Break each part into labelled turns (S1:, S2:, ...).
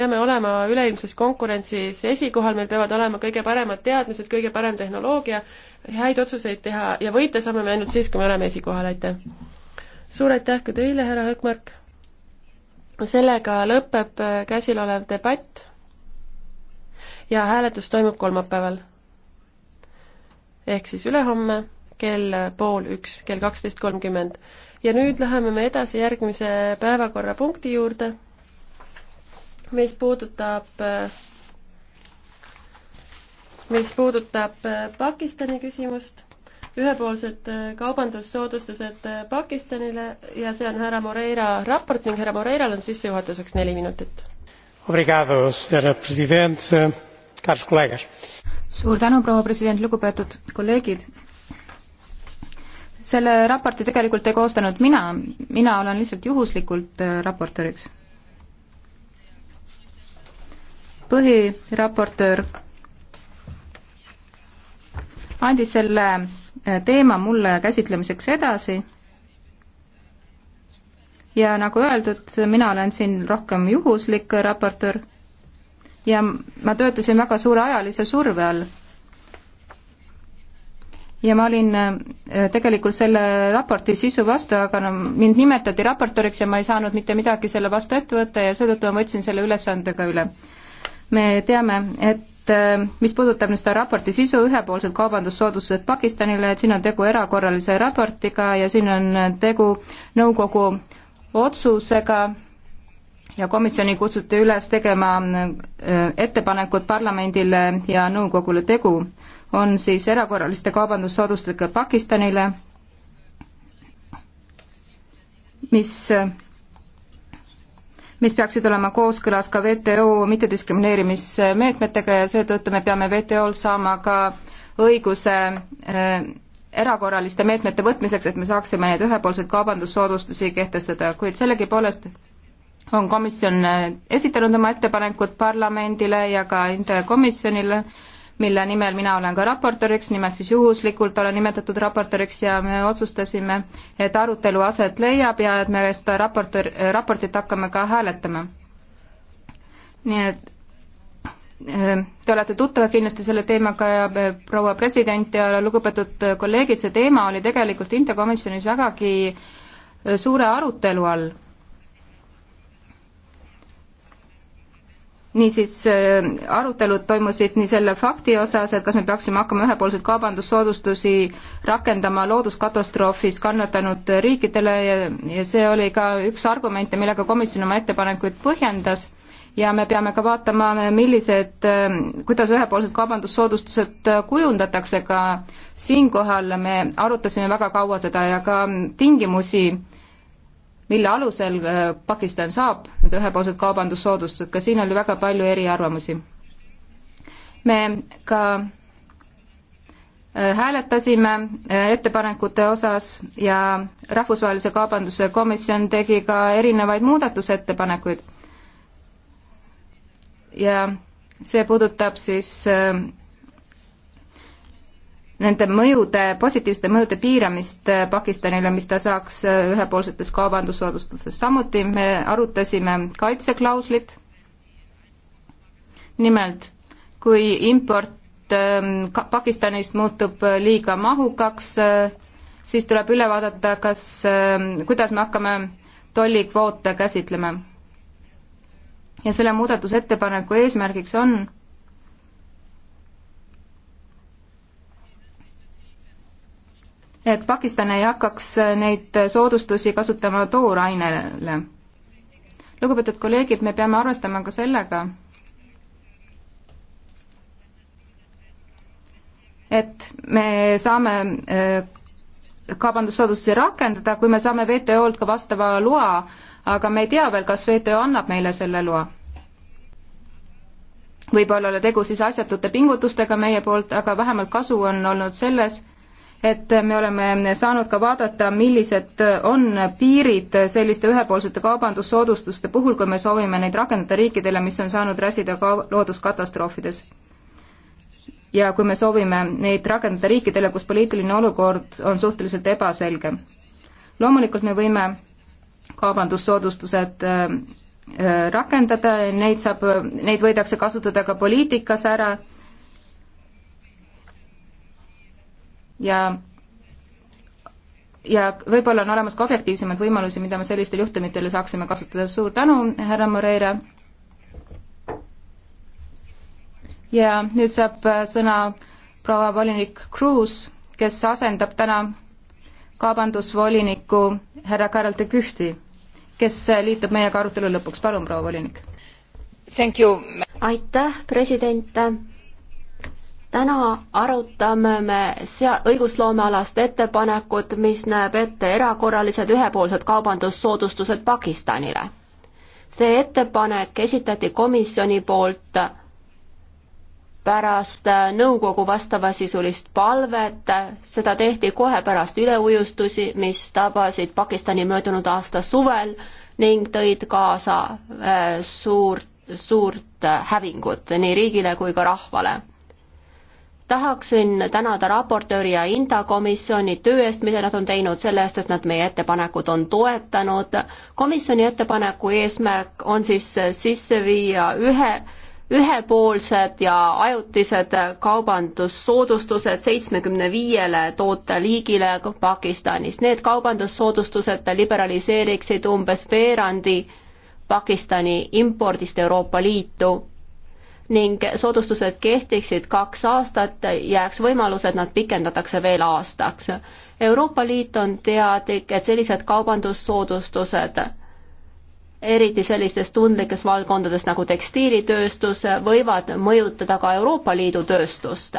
S1: peame olema üleilmses konkurentsis esikohal, meil peavad olema kõige paremad teadmised, kõige parem tehnoloogia, häid otsuseid teha ja võita saame me ainult siis, kui me oleme esikohal, aitäh! suur aitäh ka teile, härra Hökmark! sellega lõpeb äh, käsilolev debatt ja hääletus toimub kolmapäeval. ehk siis ülehomme kell äh, pool üks, kell kaksteist kolmkümmend. ja nüüd läheme me edasi järgmise päevakorrapunkti juurde mis puudutab, mis puudutab Pakistani küsimust, ühepoolsed kaubandussoodustused Pakistanile ja see on härra Moreira raport ning härra Moreiral on sissejuhatuseks neli minutit. suur tänu, proua president,
S2: lugupeetud kolleegid selle raporti tegelikult ei koostanud mina, mina olen lihtsalt juhuslikult äh, raportööriks. põhiraportöör andis selle eh, teema mulle käsitlemiseks edasi ja nagu öeldud, mina olen siin rohkem juhuslik raportöör ja ma töötasin väga suure ajalise surve all. ja ma olin eh, tegelikult selle raporti sisu vastu, aga no mind nimetati raportööriks ja ma ei saanud mitte midagi selle vastu ette võtta ja seetõttu ma võtsin selle ülesande ka üle me teame, et äh, mis puudutab nüüd seda raporti sisu, ühepoolsed kaubandussoodustused Pakistanile, et siin on tegu erakorralise raportiga ja siin on tegu nõukogu otsusega ja komisjoni kutsuti üles tegema äh, ettepanekud parlamendile ja nõukogule tegu on siis erakorraliste kaubandussoodustustega Pakistanile, mis äh, mis peaksid olema kooskõlas ka WTO mittediskrimineerimismeetmetega ja seetõttu me peame WTO-l saama ka õiguse äh, erakorraliste meetmete võtmiseks, et me saaksime neid ühepoolseid kaubandussoodustusi kehtestada, kuid sellegipoolest on komisjon äh, esitanud oma ettepanekud parlamendile ja ka komisjonile mille nimel mina olen ka raportööriks, nimelt siis juhuslikult olen nimetatud raportööriks ja me otsustasime, et arutelu aset leiab ja et me seda raportöör, raportit hakkame ka hääletama. nii et äh, Te olete tuttavad kindlasti selle teemaga ja äh, proua president ja lugupeetud kolleegid, see teema oli tegelikult Intekomisjonis vägagi äh, suure arutelu all niisiis äh, arutelud toimusid nii selle fakti osas, et kas me peaksime hakkama ühepoolseid kaubandussoodustusi rakendama looduskatastroofis kannatanud riikidele ja, ja see oli ka üks argumente, millega komisjon oma ettepanekuid põhjendas ja me peame ka vaatama, millised, äh, kuidas ühepoolsed kaubandussoodustused kujundatakse, ka siinkohal me arutasime väga kaua seda ja ka tingimusi mille alusel äh, Pakistan saab need ühepoolsed kaubandussoodustused, ka siin oli väga palju eriarvamusi. me ka äh, hääletasime äh, ettepanekute osas ja Rahvusvahelise Kaubanduse Komisjon tegi ka erinevaid muudatusettepanekuid. ja see puudutab siis nende mõjude, positiivsete mõjude piiramist äh, Pakistanile, mis ta saaks äh, ühepoolsetes kaubandussoodustustes. samuti me arutasime kaitseklauslit, nimelt kui import ähm, Pakistanist muutub äh, liiga mahukaks, siis tuleb üle vaadata, kas, ähm, kuidas me hakkame tollikvoote käsitlema. ja selle muudatusettepaneku eesmärgiks on et Pakistan ei hakkaks neid soodustusi kasutama toorainele. lugupeetud kolleegid, me peame arvestama ka sellega, et me saame äh, kaubandussoodustusi rakendada, kui me saame WTO-lt ka vastava loa, aga me ei tea veel, kas WTO annab meile selle loa. võib-olla ei ole tegu siis asjatute pingutustega meie poolt, aga vähemalt kasu on olnud selles, et me oleme saanud ka vaadata, millised on piirid selliste ühepoolsete kaubandussoodustuste puhul, kui me soovime neid rakendada riikidele, mis on saanud räsida ka looduskatastroofides. ja kui me soovime neid rakendada riikidele, kus poliitiline olukord on suhteliselt ebaselge. loomulikult me võime kaubandussoodustused äh, äh, rakendada, neid saab, neid võidakse kasutada ka poliitikas ära ja ja võib-olla on olemas ka objektiivsemaid võimalusi, mida me sellistel juhtumitel saaksime kasutada. suur tänu, härra Moreira. ja nüüd saab äh, sõna proua volinik Kruus, kes asendab täna kaubandusvoliniku härra Karel de Gühti, kes äh, liitub meiega arutelu lõpuks. palun, proua volinik. aitäh, president täna arutame
S3: me sea-, õigusloomealast ettepanekut, mis näeb ette erakorralised ühepoolsed kaubandussoodustused Pakistanile. see ettepanek esitati komisjoni poolt pärast nõukogu vastavasisulist palvet, seda tehti kohe pärast üleujustusi, mis tabasid Pakistani möödunud aasta suvel ning tõid kaasa äh, suurt, suurt hävingut nii riigile kui ka rahvale tahaksin tänada raportööri ja Inta komisjoni töö eest, mida nad on teinud, selle eest, et nad meie ettepanekut on toetanud. komisjoni ettepaneku eesmärk on siis sisse viia ühe, ühepoolsed ja ajutised kaubandussoodustused seitsmekümne viiele tooteliigile Pakistanis. Need kaubandussoodustused liberaliseeriksid umbes veerandi Pakistani impordist Euroopa Liitu ning soodustused kehtiksid kaks aastat, jääks võimalus, et nad pikendatakse veel aastaks. Euroopa Liit on teadlik, et sellised kaubandussoodustused eriti sellistes tundlikes valdkondades nagu tekstiilitööstus, võivad mõjutada ka Euroopa Liidu tööstust.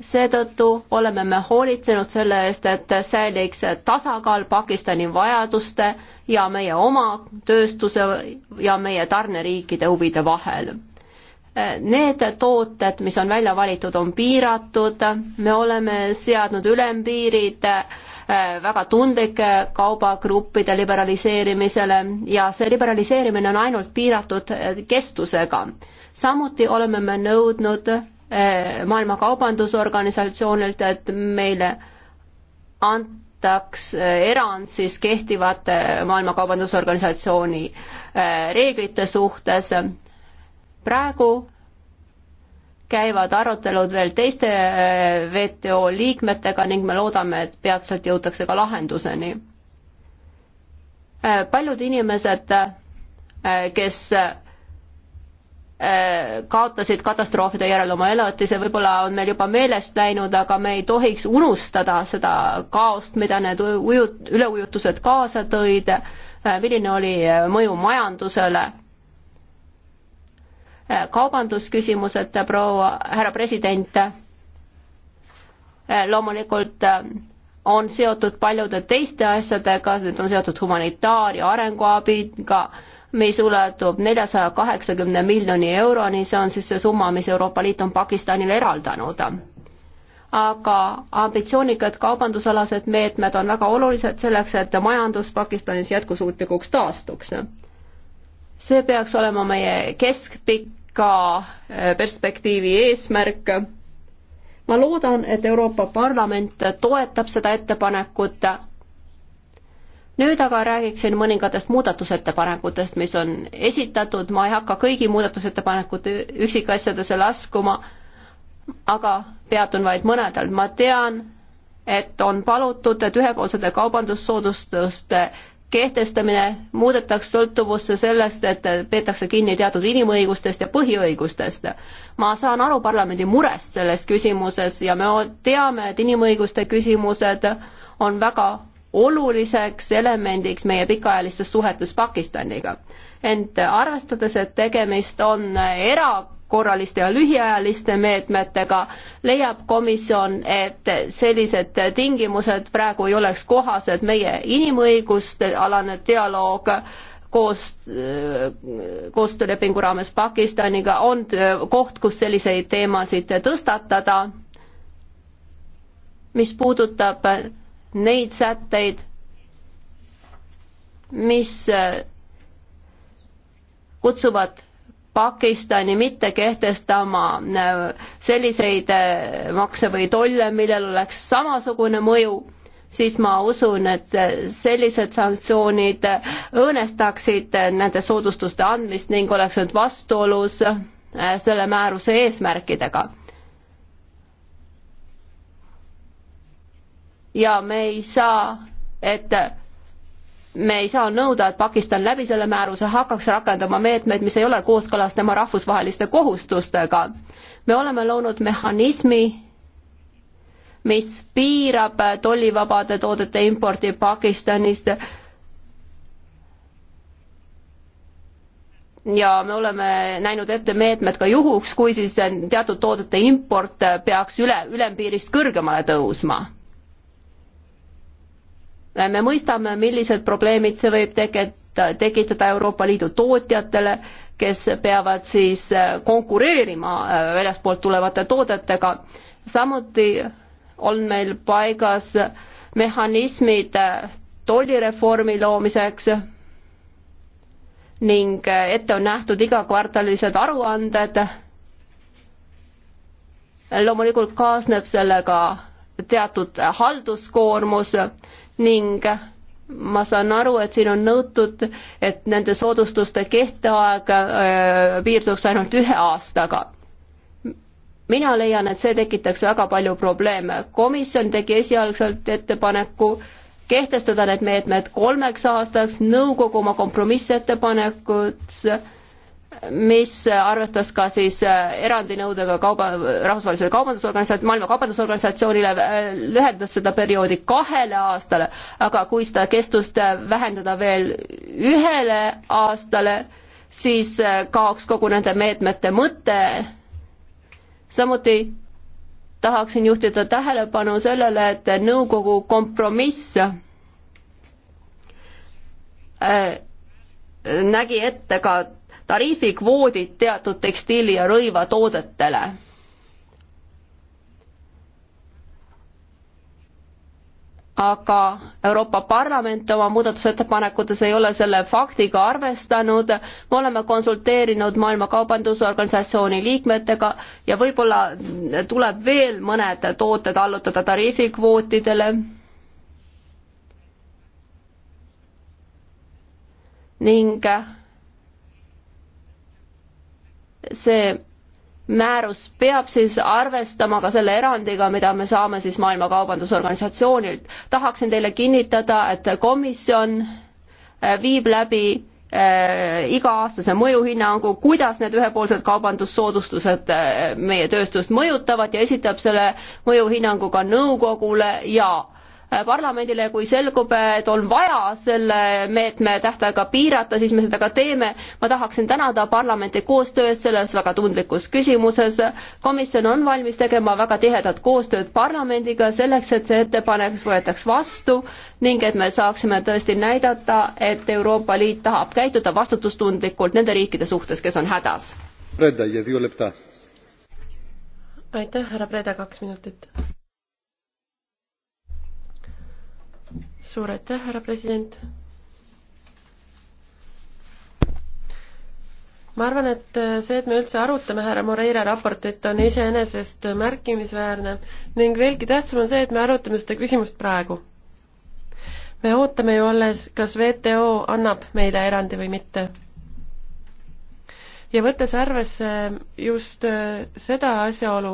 S3: seetõttu oleme me hoolitsenud selle eest, et säiliks tasakaal Pakistani vajaduste ja meie oma tööstuse ja meie tarneriikide huvide vahel Need tooted, mis on välja valitud, on piiratud, me oleme seadnud ülempiirid äh, väga tundlike kaubagruppide liberaliseerimisele ja see liberaliseerimine on ainult piiratud äh, kestusega. samuti oleme me nõudnud äh, Maailma Kaubandusorganisatsioonilt, et meile antaks erand siis kehtivate Maailma Kaubandusorganisatsiooni reeglite suhtes praegu käivad arutelud veel teiste eh, WTO liikmetega ning me loodame, et peatselt jõutakse ka lahenduseni. Eh, paljud inimesed, eh, kes kaotasid katastroofide järel oma elatise, võib-olla on meil juba meelest läinud, aga me ei tohiks unustada seda kaost, mida need ujut-, üleujutused kaasa tõid, milline oli mõju majandusele kaubandusküsimused, proua, härra president, loomulikult äh, on seotud paljude teiste asjadega, need on seotud humanitaar- ja arenguabiga, mis ulatub neljasaja kaheksakümne miljoni euroni, see on siis see summa, mis Euroopa Liit on Pakistanile eraldanud. aga ambitsioonikad kaubandusalased meetmed on väga olulised selleks, et majandus Pakistanis jätkusuutlikuks taastuks. see peaks olema meie keskpikk ka äh, perspektiivi eesmärk. ma loodan, et Euroopa Parlament toetab seda ettepanekut. nüüd aga räägiksin mõningatest muudatusettepanekutest, mis on esitatud, ma ei hakka kõigi muudatusettepanekute üksikasjadesse laskuma, aga peatun vaid mõnedel, ma tean, et on palutud, et ühepoolsete kaubandussoodustuste äh, kehtestamine muudetakse sõltuvusse sellest, et peetakse kinni teatud inimõigustest ja põhiõigustest. ma saan aru parlamendi murest selles küsimuses ja me teame, et inimõiguste küsimused on väga oluliseks elemendiks meie pikaajalistes suhetes Pakistaniga. ent arvestades, et tegemist on era-, korraliste ja lühiajaliste meetmetega, leiab komisjon, et sellised tingimused praegu ei oleks kohased meie inimõiguste alane dialoog koos, koostöölepingu raames Pakistaniga on koht, kus selliseid teemasid tõstatada, mis puudutab neid sätteid, mis kutsuvad Pakistani mitte kehtestama äh, selliseid äh, makse või tolle, millel oleks samasugune mõju, siis ma usun, et äh, sellised sanktsioonid õõnestaksid nende soodustuste andmist ning oleks nüüd vastuolus selle määruse eesmärkidega ja me ei saa, et me ei saa nõuda, et Pakistan läbi selle määruse hakkaks rakendama meetmeid, mis ei ole kooskõlas tema rahvusvaheliste kohustustega. me oleme loonud mehhanismi, mis piirab tollivabade toodete importi Pakistanist. ja me oleme näinud ette meetmed ka juhuks, kui siis teatud toodete import peaks üle, ülempiirist kõrgemale tõusma me mõistame, millised probleemid see võib teketa, tekitada Euroopa Liidu tootjatele, kes peavad siis äh, konkureerima äh, väljaspoolt tulevate toodetega. samuti on meil paigas mehhanismid äh, tollireformi loomiseks ning ette on nähtud igakvartalised aruanded. loomulikult kaasneb sellega teatud halduskoormus ning ma saan aru, et siin on nõutud, et nende soodustuste kehtaeg äh, piirduks ainult ühe aastaga. mina leian, et see tekitaks väga palju probleeme. komisjon tegi esialgselt ettepaneku kehtestada need meetmed kolmeks aastaks, nõukogu oma kompromissettepanekud mis arvestas ka siis äh, erandinõudega kauba, rahvusvahelisele kaubandusorganisatsioonile, maailma kaubandusorganisatsioonile, äh, lühendas seda perioodi kahele aastale, aga kui seda kestust äh, vähendada veel ühele aastale, siis kaoks kogu nende meetmete mõte. samuti tahaksin juhtida tähelepanu sellele, et nõukogu kompromiss nägi ette ka tariifikvoodid teatud tekstiili- ja rõivatoodetele. aga Euroopa Parlament oma muudatusettepanekutes ei ole selle faktiga arvestanud, me oleme konsulteerinud Maailma Kaubandusorganisatsiooni liikmetega ja võib-olla tuleb veel mõned tooted allutada tariifikvootidele ning see määrus peab siis arvestama ka selle erandiga, mida me saame siis Maailma Kaubandusorganisatsioonilt. tahaksin teile kinnitada, et komisjon äh, viib läbi äh, iga-aastase mõjuhinnangu, kuidas need ühepoolsed kaubandussoodustused äh, meie tööstust mõjutavad ja esitab selle mõjuhinnangu ka nõukogule ja parlamendile, kui selgub, et on vaja selle meetme tähtaega piirata, siis me seda ka teeme. ma tahaksin tänada parlamenti koostöö eest selles väga tundlikus küsimuses. komisjon on valmis tegema väga tihedat koostööd parlamendiga selleks, et see ettepanek võetaks vastu ning et me saaksime tõesti näidata, et Euroopa Liit tahab käituda vastutustundlikult nende riikide suhtes, kes on hädas.
S1: aitäh, härra Preda, kaks minutit suur aitäh, härra president. ma arvan, et see, et me üldse arutame härra Moreira raportit, on iseenesest märkimisväärne ning veelgi tähtsam on see, et me arutame seda küsimust praegu. me ootame ju alles, kas WTO annab meile erandi või mitte. ja võttes arvesse just seda asjaolu,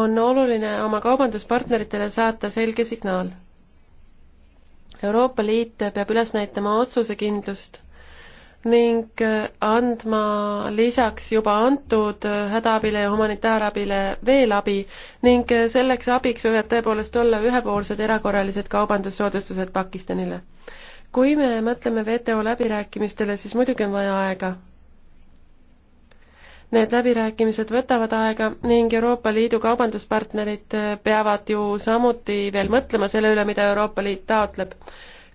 S1: on oluline oma kaubanduspartneritele saata selge signaal Euroopa Liit peab üles näitama otsusekindlust ning äh, andma lisaks juba antud äh, hädaabile ja humanitaarabile veel abi ning äh, selleks abiks võivad tõepoolest olla ühepoolsed erakorralised kaubandussoodustused Pakistanile. kui me mõtleme WTO läbirääkimistele, siis muidugi on vaja aega Need läbirääkimised võtavad aega ning Euroopa Liidu kaubanduspartnerid äh, peavad ju samuti veel mõtlema selle üle, mida Euroopa Liit taotleb.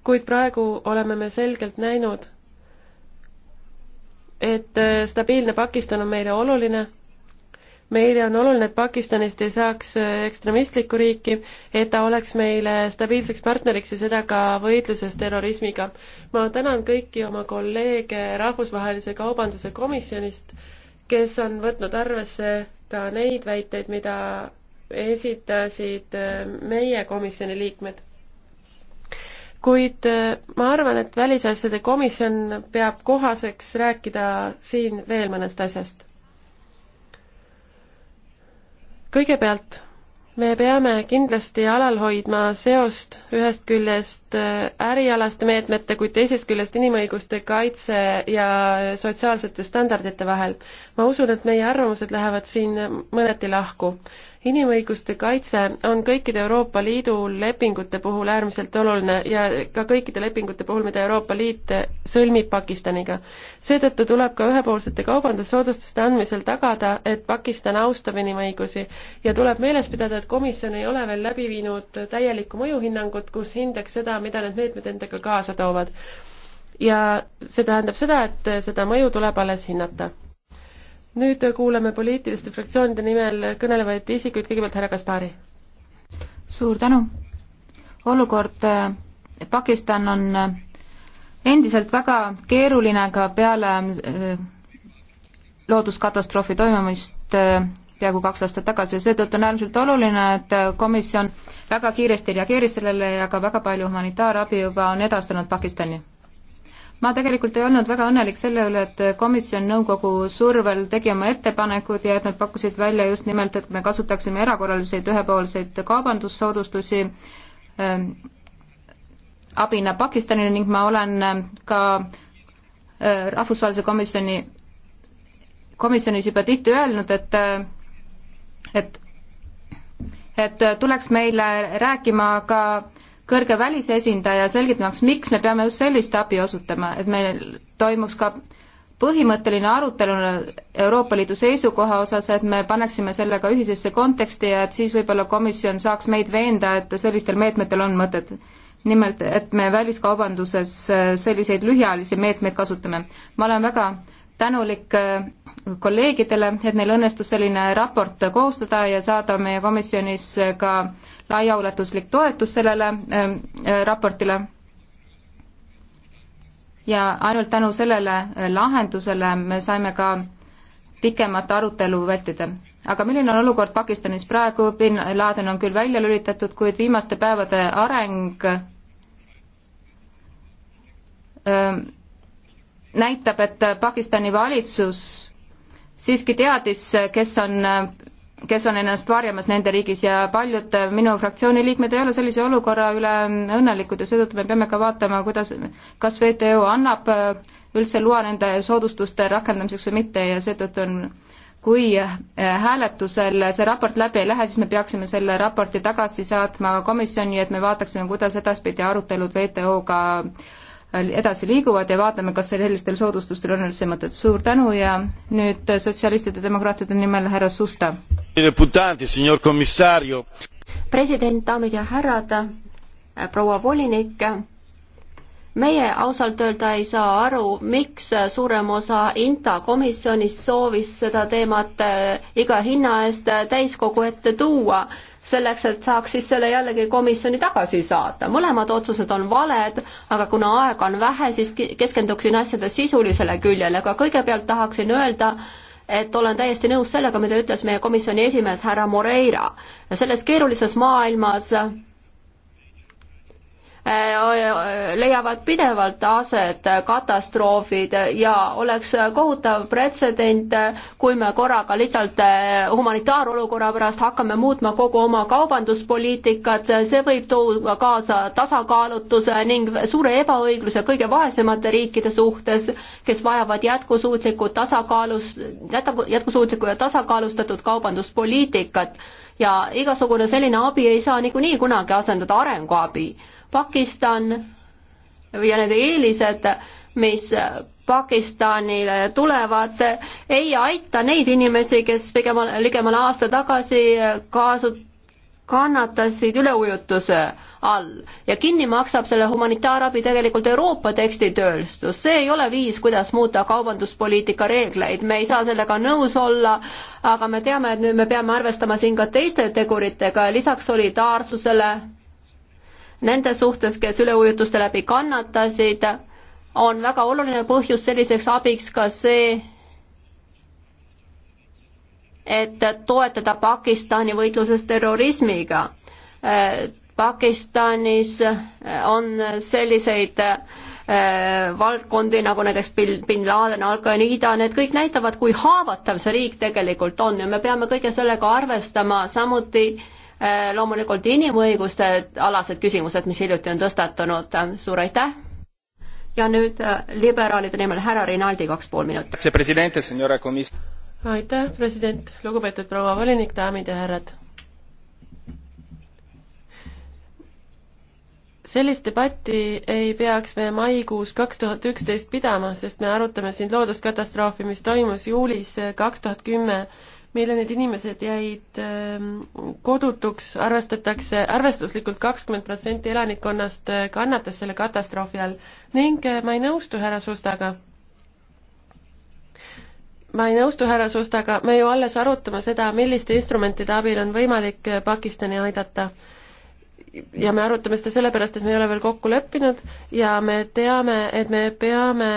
S1: kuid praegu oleme me selgelt näinud, et äh, stabiilne Pakistan on meile oluline, meile on oluline, et Pakistanist ei saaks äh, ekstremistlikku riiki, et ta oleks meile stabiilseks partneriks ja seda ka võitluses terrorismiga. ma tänan kõiki oma kolleege Rahvusvahelise Kaubanduse Komisjonist, kes on võtnud arvesse ka neid väiteid, mida esitasid äh, meie komisjoni liikmed. kuid äh, ma arvan, et Välisasjade komisjon peab kohaseks rääkida siin veel mõnest asjast. kõigepealt me peame kindlasti alal hoidma seost ühest küljest äh, ärialaste meetmete, kuid teisest küljest inimõiguste kaitse ja sotsiaalsete standardite vahel. ma usun, et meie arvamused lähevad siin mõneti lahku inimõiguste kaitse on kõikide Euroopa Liidu lepingute puhul äärmiselt oluline ja ka kõikide lepingute puhul, mida Euroopa Liit sõlmib Pakistaniga. seetõttu tuleb ka ühepoolsete kaubandussoodustuste andmisel tagada, et Pakistan austab inimõigusi ja tuleb meeles pidada, et komisjon ei ole veel läbi viinud täielikku mõjuhinnangut, kus hindaks seda, mida need meetmed endaga kaasa toovad. ja see tähendab seda, et seda mõju tuleb alles hinnata nüüd kuulame poliitiliste fraktsioonide nimel kõnelevaid isikuid, kõigepealt härra Kaspari.
S2: suur tänu. olukord äh, Pakistan on äh, endiselt väga keeruline ka peale äh, looduskatastroofi toimumist peaaegu kaks aastat tagasi ja seetõttu on äärmiselt oluline, et komisjon väga kiiresti reageeris sellele ja ka väga palju humanitaarabi juba on edastanud Pakistani ma tegelikult ei olnud väga õnnelik selle üle, et komisjon nõukogu survel tegi oma ettepanekud ja et nad pakkusid välja just nimelt, et me kasutaksime erakorraliseid ühepoolseid kaubandussoodustusi ähm, abina Pakistanile ning ma olen ähm, ka äh, rahvusvahelise komisjoni, komisjonis juba tihti öelnud, et äh, et et äh, tuleks meile rääkima ka äh, kõrge välisesindaja selgitamaks, miks me peame just sellist abi osutama, et meil toimuks ka põhimõtteline arutelu Euroopa Liidu seisukoha osas, et me paneksime selle ka ühisesse konteksti ja et siis võib-olla komisjon saaks meid veenda, et sellistel meetmetel on mõtet. nimelt, et me väliskaubanduses äh, selliseid lühiajalisi meetmeid kasutame. ma olen väga tänulik äh, kolleegidele, et neil õnnestus selline raport koostada ja saada meie komisjonis ka laiaulatuslik toetus sellele äh, äh, raportile. ja ainult tänu sellele lahendusele me saime ka pikemat arutelu vältida. aga milline on olukord Pakistanis praegu, bin Laden on küll välja lülitatud, kuid viimaste päevade areng öö, näitab, et Pakistani valitsus siiski teadis, kes on, kes on ennast varjamas nende riigis ja paljud minu fraktsiooni liikmed ei ole sellise olukorra üle õnnelikud ja seetõttu me peame ka vaatama, kuidas, kas WTO annab üldse loa nende soodustuste rakendamiseks või mitte ja seetõttu on kui hääletusel see raport läbi ei lähe, siis me peaksime selle raporti tagasi saatma komisjoni, et me vaataksime, kuidas edaspidi arutelud WTO-ga äh, edasi liiguvad ja vaatame, kas sellistel soodustustel on üldse mõtet. suur tänu ja nüüd sotsialistide demokraatide nimel härra Susta. president, daamid ja härrad, proua volinik,
S3: meie ausalt öelda ei saa aru, miks suurem osa INTA komisjonist soovis seda teemat eh, iga hinna eest täiskogu ette tuua selleks, et saaks siis selle jällegi komisjoni tagasi saata. mõlemad otsused on valed, aga kuna aega on vähe, siis keskenduksin asjade sisulisele küljele, aga kõigepealt tahaksin öelda, et olen täiesti nõus sellega, mida ütles meie komisjoni esimees härra Moreira. selles keerulises maailmas Äh, leiavad pidevalt aset katastroofid ja oleks kohutav pretsedent, kui me korraga lihtsalt äh, humanitaarolukorra pärast hakkame muutma kogu oma kaubanduspoliitikat, see võib tuua kaasa tasakaalutuse ning suure ebaõigluse kõige vaesemate riikide suhtes, kes vajavad jätkusuutlikku tasakaalus, jätkusuutlikku ja tasakaalustatud kaubanduspoliitikat ja igasugune selline abi ei saa niikuinii kunagi asendada arenguabi. Pakistan ja need eelised, mis Pakistanile tulevad, ei aita neid inimesi, kes ligemale aasta tagasi kaasu-, kannatasid üleujutuse all ja kinni maksab selle humanitaarabi tegelikult Euroopa tekstitööstus. see ei ole viis, kuidas muuta kaubanduspoliitika reegleid, me ei saa sellega nõus olla, aga me teame, et nüüd me peame arvestama siin ka teiste teguritega, lisaks solidaarsusele nende suhtes, kes üleujutuste läbi kannatasid, on väga oluline põhjus selliseks abiks ka see, et toetada Pakistani võitluses terrorismiga äh, Pakistanis äh, on selliseid äh, valdkondi nagu näiteks bin Laden, Al-Qaeda, need kõik näitavad, kui haavatav see riik tegelikult on ja me peame kõige sellega arvestama, samuti äh, loomulikult inimõiguste alased küsimused, mis hiljuti on tõstatunud, suur aitäh!
S1: ja nüüd liberaalide nimel härra Rinaldi, kaks pool minutit. aitäh, president, lugupeetud proua volinik, daamid ja härrad! sellist debatti ei peaks me maikuus kaks tuhat üksteist pidama, sest me arutame siin looduskatastroofi, mis toimus juulis äh, kaks tuhat kümme, mille need inimesed jäid ähm, kodutuks arvestatakse, arvestatakse, arvestuslikult kakskümmend protsenti elanikkonnast äh, kannatas selle katastroofi all ning äh, ma ei nõustu härra Sustaga. ma ei nõustu härra Sustaga, me ju alles arutame seda, milliste instrumentide abil on võimalik Pakistani aidata ja me arutame seda sellepärast, et me ei ole veel kokku leppinud ja me teame, et me peame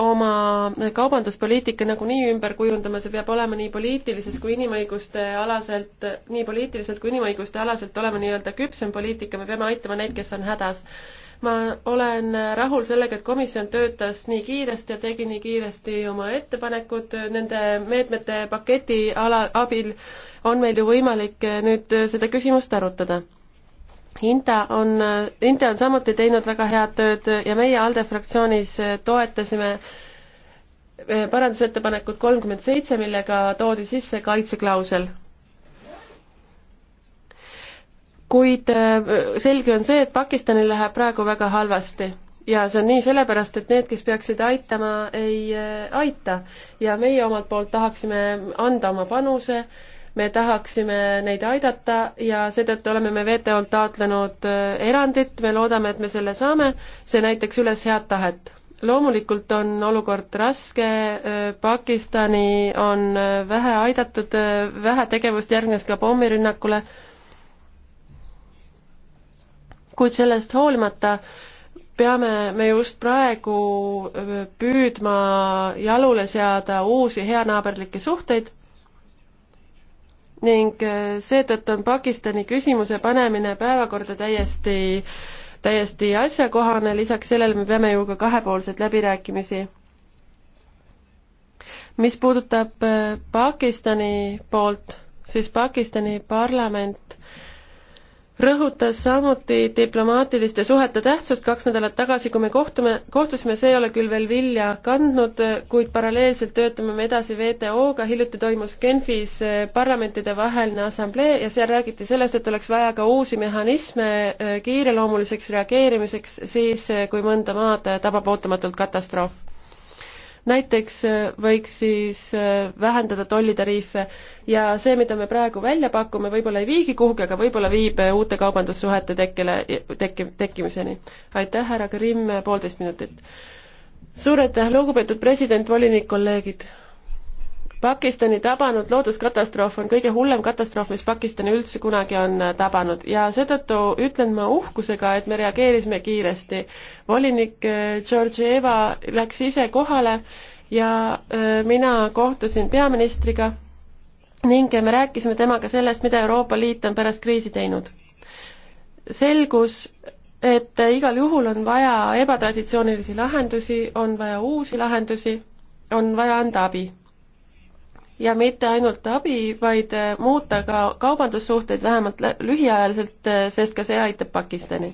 S1: oma kaubanduspoliitika nagunii ümber kujundama, see peab olema nii poliitilises kui inimõiguste alaselt, nii poliitiliselt kui inimõiguste alaselt olema nii-öelda küpsem poliitika, me peame aitama neid, kes on hädas. ma olen rahul sellega, et komisjon töötas nii kiiresti ja tegi nii kiiresti oma ettepanekud nende meetmete paketi ala, abil on meil ju võimalik nüüd seda küsimust arutada Inta on, Inta on samuti teinud väga head tööd ja meie ALDE fraktsioonis toetasime eh, parandusettepanekut kolmkümmend seitse, millega toodi sisse kaitseklausel. kuid eh, selge on see, et Pakistanil läheb praegu väga halvasti ja see on nii sellepärast, et need, kes peaksid aitama, ei eh, aita ja meie omalt poolt tahaksime anda oma panuse me tahaksime neid aidata ja seetõttu oleme me WTO-lt taotlenud äh, erandit, me loodame, et me selle saame, see näitaks üles head tahet. loomulikult on olukord raske, äh, Pakistani on äh, vähe aidatud, vähe tegevust järgnes ka pommirünnakule, kuid sellest hoolimata peame me just praegu püüdma jalule seada uusi heanaaberlikke suhteid ning äh, seetõttu on Pakistani küsimuse panemine päevakorda täiesti, täiesti asjakohane, lisaks sellele me peame ju ka kahepoolseid läbirääkimisi. mis puudutab äh, Pakistani poolt, siis Pakistani parlament rõhutas samuti diplomaatiliste suhete tähtsust kaks nädalat tagasi, kui me kohtume, kohtusime, see ei ole küll veel vilja kandnud, kuid paralleelselt töötame me edasi WTO-ga, hiljuti toimus Genfis äh, parlamentidevaheline assamblee ja seal räägiti sellest, et oleks vaja ka uusi mehhanisme äh, kiireloomuliseks reageerimiseks siis, äh, kui mõnda maad tabab ootamatult katastroof näiteks äh, võiks siis äh, vähendada tollitariife ja see, mida me praegu välja pakume, võib-olla ei viigi kuhugi, aga võib-olla viib äh, uute kaubandussuhete tekkele, tekki, tekkimiseni. aitäh, härra Krimm, poolteist minutit. suur aitäh, lugupeetud president, volinik, kolleegid Pakistani tabanud looduskatastroof on kõige hullem katastroof, mis Pakistani üldse kunagi on äh, tabanud ja seetõttu ütlen ma uhkusega, et me reageerisime kiiresti. volinik äh, Georgieva läks ise kohale ja äh, mina kohtusin peaministriga ning me rääkisime temaga sellest, mida Euroopa Liit on pärast kriisi teinud. selgus, et igal juhul on vaja ebatraditsioonilisi lahendusi, on vaja uusi lahendusi, on vaja anda abi ja mitte ainult abi, vaid äh, muuta ka kaubandussuhteid vähemalt lühiajaliselt, äh, sest ka see aitab Pakistani.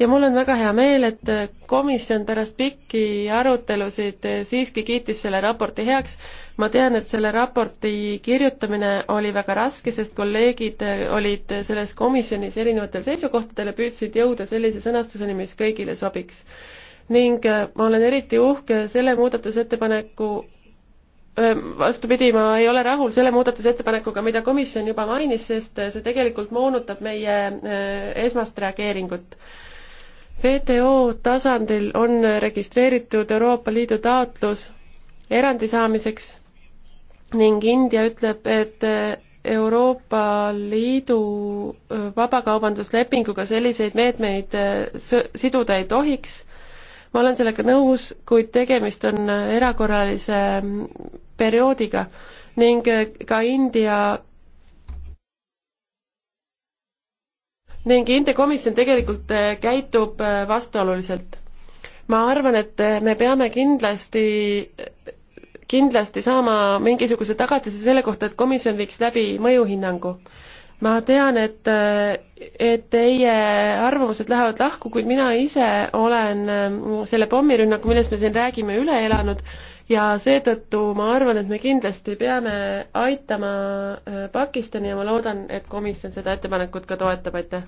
S1: ja mul on väga hea meel, et äh, komisjon pärast pikki arutelusid siiski kiitis selle raporti heaks. ma tean, et selle raporti kirjutamine oli väga raske, sest kolleegid olid selles komisjonis erinevatel seisukohtadel ja püüdsid jõuda sellise sõnastuseni, mis kõigile sobiks ning ma olen eriti uhke selle muudatusettepaneku vastupidi, ma ei ole rahul selle muudatusettepanekuga, mida komisjon juba mainis, sest see tegelikult moonutab meie esmast reageeringut. WTO tasandil on registreeritud Euroopa Liidu taotlus erandi saamiseks ning India ütleb, et Euroopa Liidu vabakaubanduslepinguga selliseid meetmeid siduda ei tohiks ma olen sellega nõus, kuid tegemist on erakorralise perioodiga ning ka India ning India komisjon tegelikult käitub vastuoluliselt. ma arvan, et me peame kindlasti kindlasti saama mingisuguse tagatise selle kohta, et komisjon viiks läbi mõjuhinnangu ma tean, et, et teie arvamused lähevad lahku, kuid mina ise olen äh, selle pommirünnaku, millest me siin räägime, üle elanud ja seetõttu ma arvan, et me kindlasti peame aitama äh, Pakistani ja ma loodan, et komisjon seda ettepanekut ka toetab, aitäh!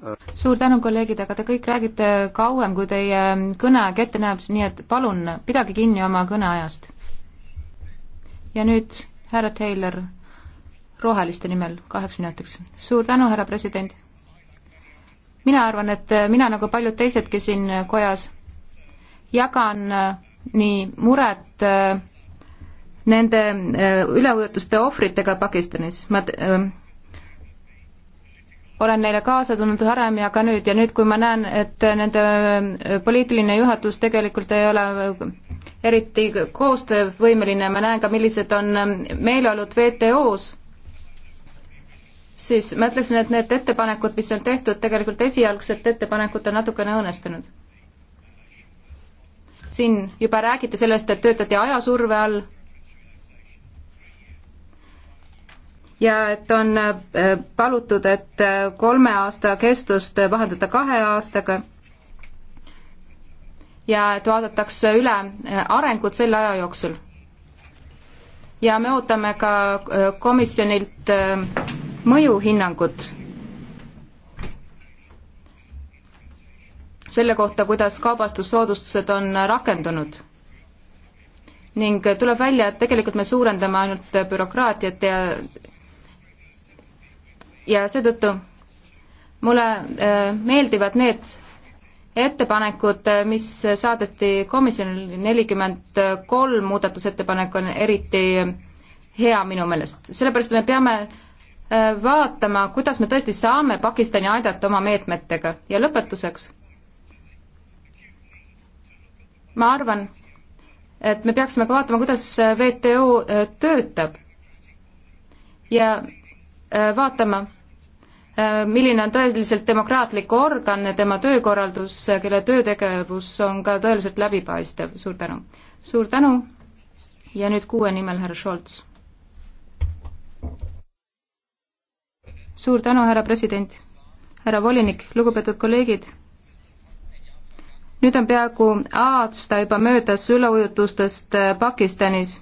S1: Uh,
S2: suur tänu, kolleegid, aga te kõik räägite kauem, kui teie kõneaeg ette näeb, nii et palun, pidage kinni oma kõneajast. ja nüüd härra Taylor roheliste nimel kaheks minutiks. suur tänu, härra president! mina arvan, et mina nagu paljud teisedki siin kojas jagan äh, nii muret äh, nende äh, üleujutuste ohvritega Pakistanis. ma olen neile kaasa tulnud varem ja ka nüüd ja nüüd, kui ma näen, et nende poliitiline juhatus tegelikult ei ole eriti koostöövõimeline, ma näen ka, millised on meeleolud WTO-s siis ma ütleksin, et need ettepanekud, mis on tehtud, tegelikult esialgset ettepanekut on natukene õõnestanud. siin juba räägiti sellest, et töötati ajasurve all ja et on äh, palutud, et äh, kolme aasta kestust vahendada kahe aastaga ja et vaadatakse üle äh, arengud selle aja jooksul. ja me ootame ka komisjonilt mõjuhinnangut selle kohta, kuidas kaubastussoodustused on rakendunud. ning tuleb välja, et tegelikult me suurendame ainult bürokraatiat ja ja seetõttu mulle äh, meeldivad need ettepanekud, äh, mis saadeti komisjonile, nelikümmend kolm muudatusettepanek on eriti hea minu meelest, sellepärast me peame Äh, vaatama, kuidas me tõesti saame Pakistani aidata oma meetmetega ja lõpetuseks ma arvan, et me peaksime ka vaatama, kuidas äh, WTO äh, töötab ja vaatama, milline on tõeliselt demokraatlik organ ja tema töökorraldus, kelle töötegevus on ka tõeliselt läbipaistev, suur tänu. suur tänu ja nüüd kuue nimel härra Scholz suur tänu, härra president, härra volinik, lugupeetud kolleegid. nüüd on peaaegu aasta juba möödas üleujutustest äh, Pakistanis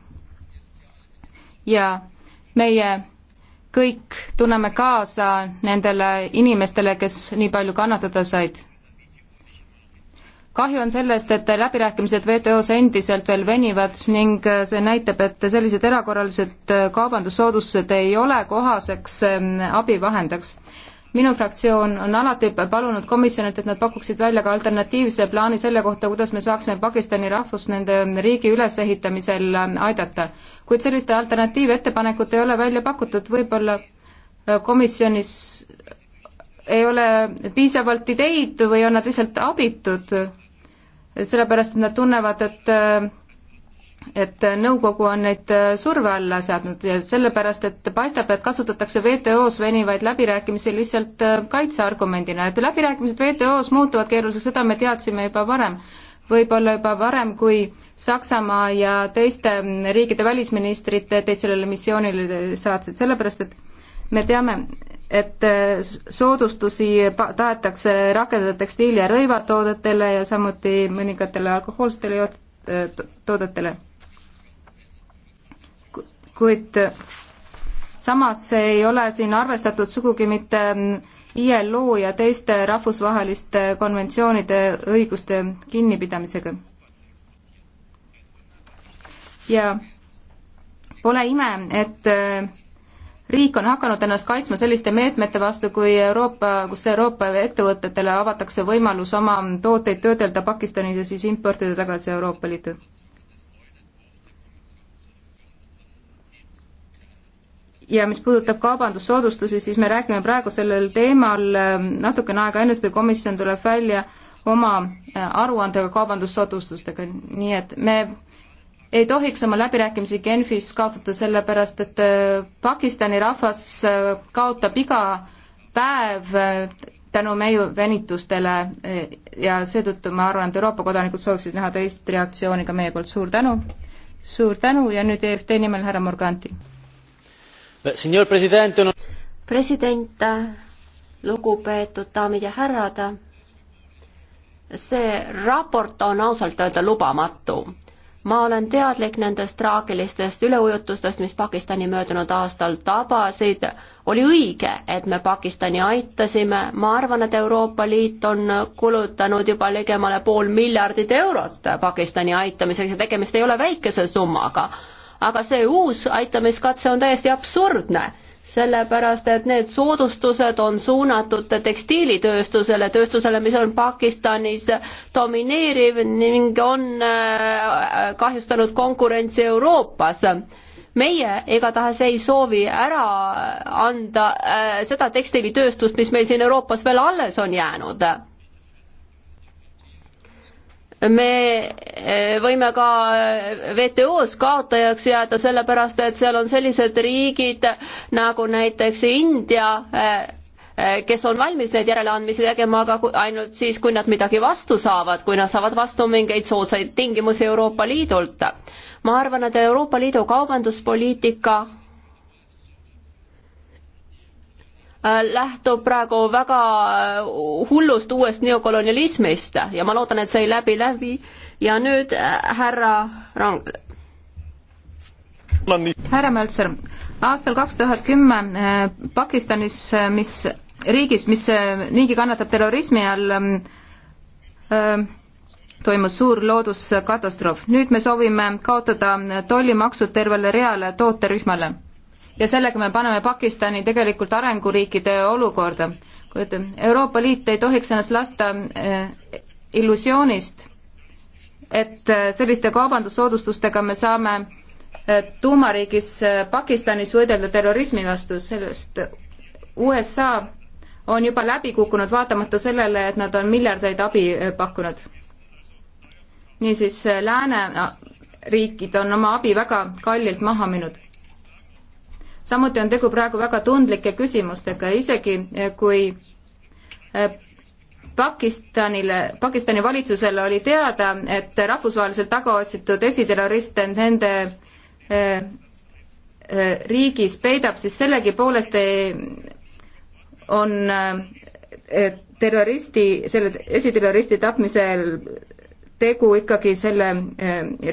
S2: ja meie kõik tunneme kaasa nendele inimestele, kes nii palju kannatada said kahju on sellest, et läbirääkimised WTO-s endiselt veel venivad ning äh, see näitab, et sellised erakorralised äh, kaubandussoodustused ei ole kohaseks ähm, abivahendaks. minu fraktsioon on alati palunud komisjonilt, et nad pakuksid välja ka alternatiivse plaani selle kohta, kuidas me saaksime Pakistani rahvust nende ähm, riigi ülesehitamisel ähm, aidata. kuid selliste alternatiivettepanekut ei ole välja pakutud, võib-olla äh, komisjonis ei ole piisavalt ideid või on nad lihtsalt abitud sellepärast et nad tunnevad, et et nõukogu on neid surve alla seadnud ja sellepärast, et paistab, et kasutatakse WTO-s venivaid läbirääkimisi lihtsalt kaitseargumendina, et läbirääkimised WTO-s muutuvad keeruliseks, seda me teadsime juba varem. võib-olla juba varem, kui Saksamaa ja teiste riikide välisministrid teid sellele missioonile saatsid, sellepärast et me teame, et äh, soodustusi tahetakse rakendada tekstiili- ja rõivatoodetele ja samuti mõningatele alkohoolsetele äh, toodetele. kuid samas ei ole siin arvestatud sugugi mitte mm, ILO ja teiste rahvusvaheliste konventsioonide õiguste kinnipidamisega. ja pole ime, et äh, riik on hakanud ennast kaitsma selliste meetmete vastu, kui Euroopa, kus Euroopa ettevõtetele avatakse võimalus oma tooteid töödelda Pakistanis ja siis importida tagasi Euroopa Liitu. ja mis puudutab kaubandussoodustusi, siis me räägime praegu sellel teemal ähm, natukene aega ennast, kui komisjon tuleb välja oma äh, aruandega kaubandussoodustustega, nii et me ei tohiks oma läbirääkimisi Genfis kaotada, sellepärast et äh, Pakistani rahvas äh, kaotab iga päev äh, tänu meie venitustele ja seetõttu ma arvan, et Euroopa kodanikud sooviksid näha teist reaktsiooni ka meie poolt, suur tänu! suur tänu ja nüüd EFT nimel härra Morganti. president, lugupeetud daamid ja härrad, see
S3: raport on ausalt öelda lubamatu ma olen teadlik nendest traagilistest üleujutustest, mis Pakistani möödunud aastal tabasid. oli õige, et me Pakistani aitasime, ma arvan, et Euroopa Liit on kulutanud juba ligemale pool miljardit eurot Pakistani aitamiseks ja tegemist ei ole väikese summaga. aga see uus aitamiskatse on täiesti absurdne sellepärast et need soodustused on suunatud tekstiilitööstusele, tööstusele, mis on Pakistanis domineeriv ning on äh, kahjustanud konkurentsi Euroopas meie igatahes ei soovi ära anda äh, seda tekstiilitööstust, mis meil siin Euroopas veel alles on jäänud me eh, võime ka eh, WTO-s kaotajaks jääda, sellepärast et seal on sellised riigid nagu näiteks India, eh, kes on valmis neid järeleandmisi tegema, aga ainult siis, kui nad midagi vastu saavad, kui nad saavad vastu mingeid soodsaid tingimusi Euroopa Liidult. ma arvan, et Euroopa Liidu kaubanduspoliitika Äh, lähtub praegu väga äh, hullust uuest neokolonialismist ja ma loodan, et see ei läbi läbi ja nüüd äh, härra Rang-.
S2: härra Möltser, aastal kaks tuhat kümme Pakistanis, mis riigis, mis niigi kannatab terrorismi all äh,, toimus suur looduskatastroof. nüüd me soovime kaotada tollimaksud tervele reale tooterühmale ja sellega me paneme Pakistani tegelikult arenguriikide olukorda. kuid Euroopa Liit ei tohiks ennast lasta eh, illusioonist, et eh, selliste kaubandussoodustustega me saame eh, tuumariigis Pakistanis võidelda terrorismi vastu, sellest USA on juba läbi kukkunud, vaatamata sellele, et nad on miljardeid abi pakkunud. niisiis, lääneriigid on oma abi väga kallilt maha müünud samuti on tegu praegu väga tundlike küsimustega, isegi eh, kui eh, Pakistanile, Pakistani valitsusele oli teada, et rahvusvaheliselt taga otsitud esiterroriste nende eh, riigis peidab, siis sellegipoolest on terroristi, selle esiterroristi tapmisel tegu ikkagi selle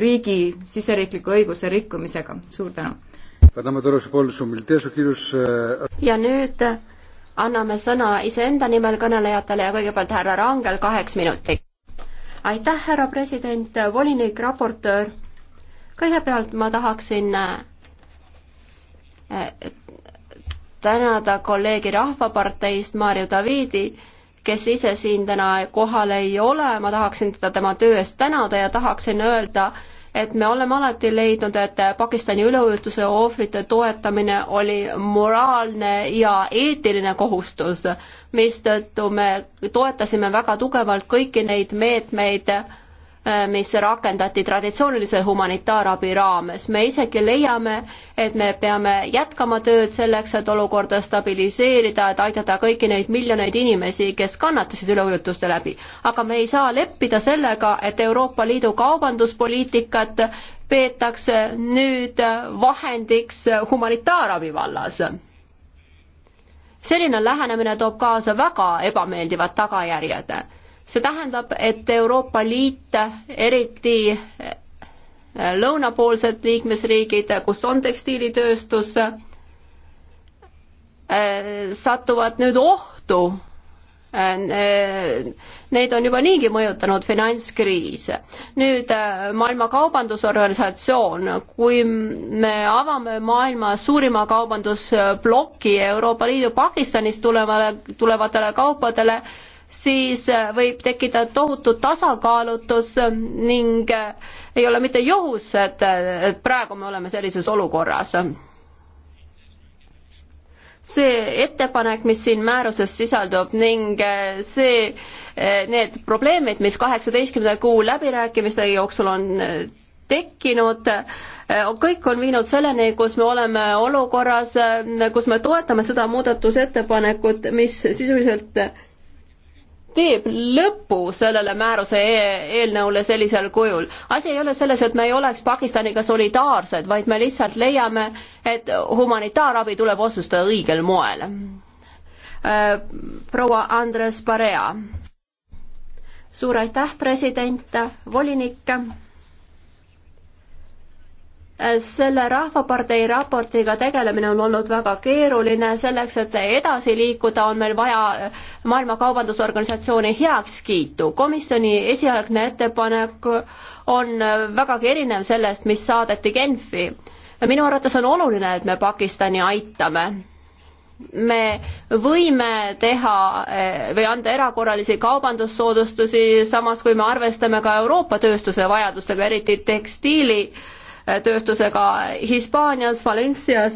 S2: riigi siseriikliku õiguse rikkumisega. suur tänu! ja nüüd
S3: anname sõna iseenda nimel kõnelejatele ja kõigepealt härra Rangel kaheks minutiks. aitäh, härra president, volinik, raportöör. kõigepealt ma tahaksin eh, tänada kolleegi Rahvaparteist Mario Davidi, kes ise siin täna kohal ei ole, ma tahaksin teda tema töö eest tänada ja tahaksin öelda, et me oleme alati leidnud, et Pakistani üleujutuse ohvrite toetamine oli moraalne ja eetiline kohustus, mistõttu me toetasime väga tugevalt kõiki neid meetmeid meet,, Äh, mis rakendati traditsioonilise humanitaarabi raames. me isegi leiame, et me peame jätkama tööd selleks, et olukorda stabiliseerida, et aidata kõiki neid miljoneid inimesi, kes kannatasid üleujutuste läbi. aga me ei saa leppida sellega, et Euroopa Liidu kaubanduspoliitikat peetakse nüüd vahendiks humanitaarabi vallas. selline lähenemine toob kaasa väga ebameeldivad tagajärjed see tähendab, et Euroopa Liit, eriti eh, lõunapoolsed liikmesriigid, kus on tekstiilitööstus, eh, satuvad nüüd ohtu. Eh, neid on juba niigi mõjutanud finantskriis. nüüd Maailma Kaubandusorganisatsioon, kui me avame maailma suurima kaubandusploki Euroopa Liidu Pakistanist tulevale, tulevatele kaupadele, siis äh, võib tekkida tohutu tasakaalutus äh, ning äh, ei ole mitte juhus, et praegu me oleme sellises olukorras. see ettepanek, mis siin määruses sisaldub ning see, need probleemid, mis kaheksateistkümnenda kuu läbirääkimiste jooksul on tekkinud, kõik on viinud selleni, kus me oleme olukorras, kus me toetame seda muudatusettepanekut, mis sisuliselt teeb lõpu sellele määruse e eelnõule sellisel kujul. asi ei ole selles, et me ei oleks Pakistaniga solidaarsed, vaid me lihtsalt leiame, et humanitaarabi tuleb otsustada õigel moel. Äh, proua Andres Barea. suur aitäh, president, volinik selle Rahvapartei raportiga tegelemine on olnud väga keeruline, selleks et edasi liikuda, on meil vaja Maailma Kaubandusorganisatsiooni heakskiitu. komisjoni esialgne ettepanek on vägagi erinev sellest, mis saadeti Genfi. minu arvates on oluline, et me Pakistani aitame me võime teha eh, või anda erakorralisi kaubandussoodustusi, samas kui me arvestame ka Euroopa tööstuse vajadustega, eriti tekstiili äh, tööstusega Hispaanias, Valencias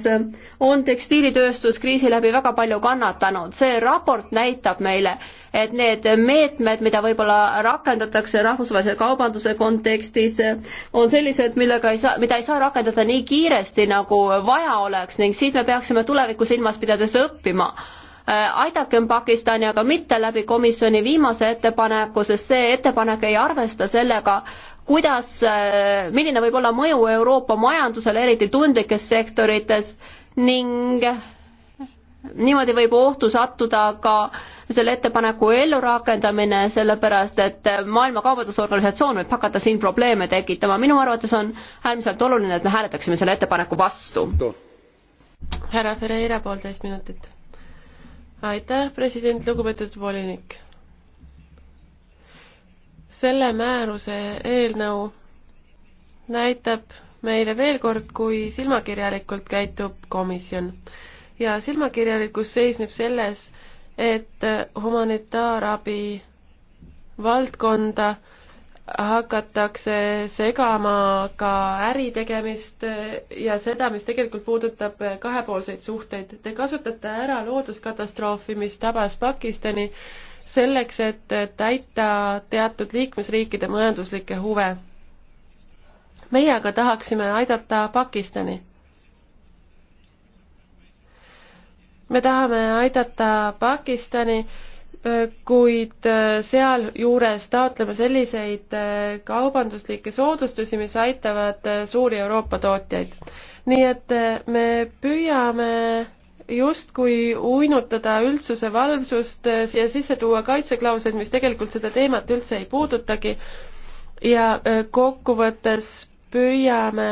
S3: on tekstiilitööstus kriisi läbi väga palju kannatanud. see raport näitab meile, et need meetmed, mida võib-olla rakendatakse rahvusvahelise kaubanduse kontekstis, on sellised, millega ei saa, mida ei saa rakendada nii kiiresti, nagu vaja oleks ning siit me peaksime tulevikku silmas pidades õppima äh, aidakem Pakistani, aga mitte läbi komisjoni viimase ettepaneku, sest see ettepanek ei arvesta sellega, kuidas, äh, milline võib olla mõju Euroopa majandusele, eriti tundlikes sektorites ning niimoodi võib ohtu sattuda ka selle ettepaneku ellurakendamine, sellepärast et Maailma Kaubandusorganisatsioon võib hakata siin probleeme tekitama. minu arvates on äärmiselt oluline, et me hääletaksime selle ettepaneku vastu.
S1: härra Ferreira, poolteist minutit. aitäh, president, lugupeetud volinik selle määruse eelnõu näitab meile veel kord, kui silmakirjalikult käitub komisjon. ja silmakirjalikkus seisneb selles, et humanitaarabi valdkonda hakatakse segama ka äritegemist ja seda, mis tegelikult puudutab kahepoolseid suhteid. Te kasutate ära looduskatastroofi, mis tabas Pakistani selleks, et täita teatud liikmesriikide majanduslikke huve. meie aga tahaksime aidata Pakistani. me tahame aidata Pakistani, kuid sealjuures taotleme selliseid kaubanduslikke soodustusi, mis aitavad suuri Euroopa tootjaid. nii et me püüame justkui uinutada üldsuse valvsust eh, ja sisse tuua kaitseklauseid, mis tegelikult seda teemat üldse ei puudutagi. ja eh, kokkuvõttes püüame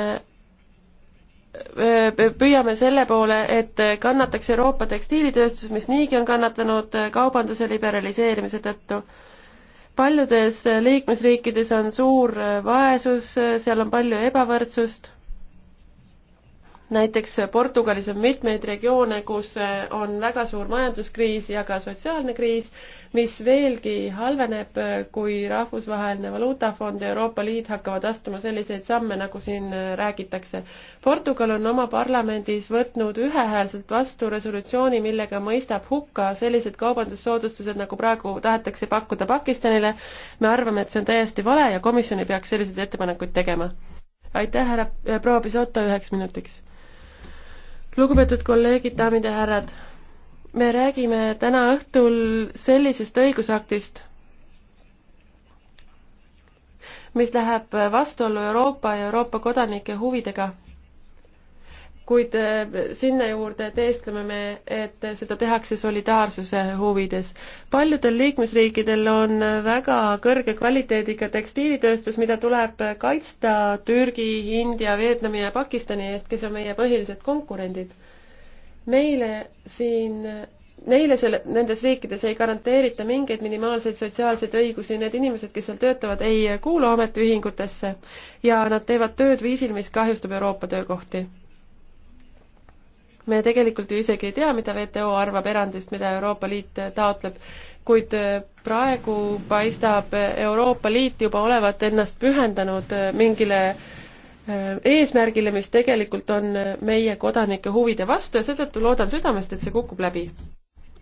S1: eh, püüame selle poole, et kannataks Euroopa tekstiilitööstus, mis niigi on kannatanud kaubanduse liberaliseerimise tõttu. paljudes liikmesriikides on suur vaesus, seal on palju ebavõrdsust näiteks Portugalis on mitmeid regioone, kus eh, on väga suur majanduskriis ja ka sotsiaalne kriis, mis veelgi halveneb, eh, kui Rahvusvaheline Valuutafond ja Euroopa Liit hakkavad astuma selliseid samme, nagu siin eh, räägitakse. Portugal on oma parlamendis võtnud ühehäälselt vastu resolutsiooni, millega mõistab hukka sellised kaubandussoodustused, nagu praegu tahetakse pakkuda Pakistanile. me arvame, et see on täiesti vale ja komisjon ei peaks selliseid ettepanekuid tegema. aitäh, härra proua Pisoto, üheks minutiks lugupeetud kolleegid, daamid ja härrad. me räägime täna õhtul sellisest õigusaktist, mis läheb vastuollu Euroopa ja Euroopa kodanike huvidega kuid eh, sinna juurde teestleme me, et seda tehakse solidaarsuse huvides. paljudel liikmesriikidel on väga kõrge kvaliteediga tekstiilitööstus, mida tuleb kaitsta Türgi, India, Vietnami ja Pakistani eest, kes on meie põhilised konkurendid. meile siin Neile selle, nendes riikides ei garanteerita mingeid minimaalseid sotsiaalseid õigusi, need inimesed, kes seal töötavad, ei kuulu ametiühingutesse ja nad teevad tööd viisil, mis kahjustab Euroopa töökohti me tegelikult ju isegi ei tea, mida WTO arvab erandist, mida Euroopa Liit taotleb, kuid äh, praegu paistab Euroopa Liit juba olevat ennast pühendanud äh, mingile äh, eesmärgile, mis tegelikult on meie kodanike huvide vastu ja seetõttu loodan südamest, et see kukub läbi.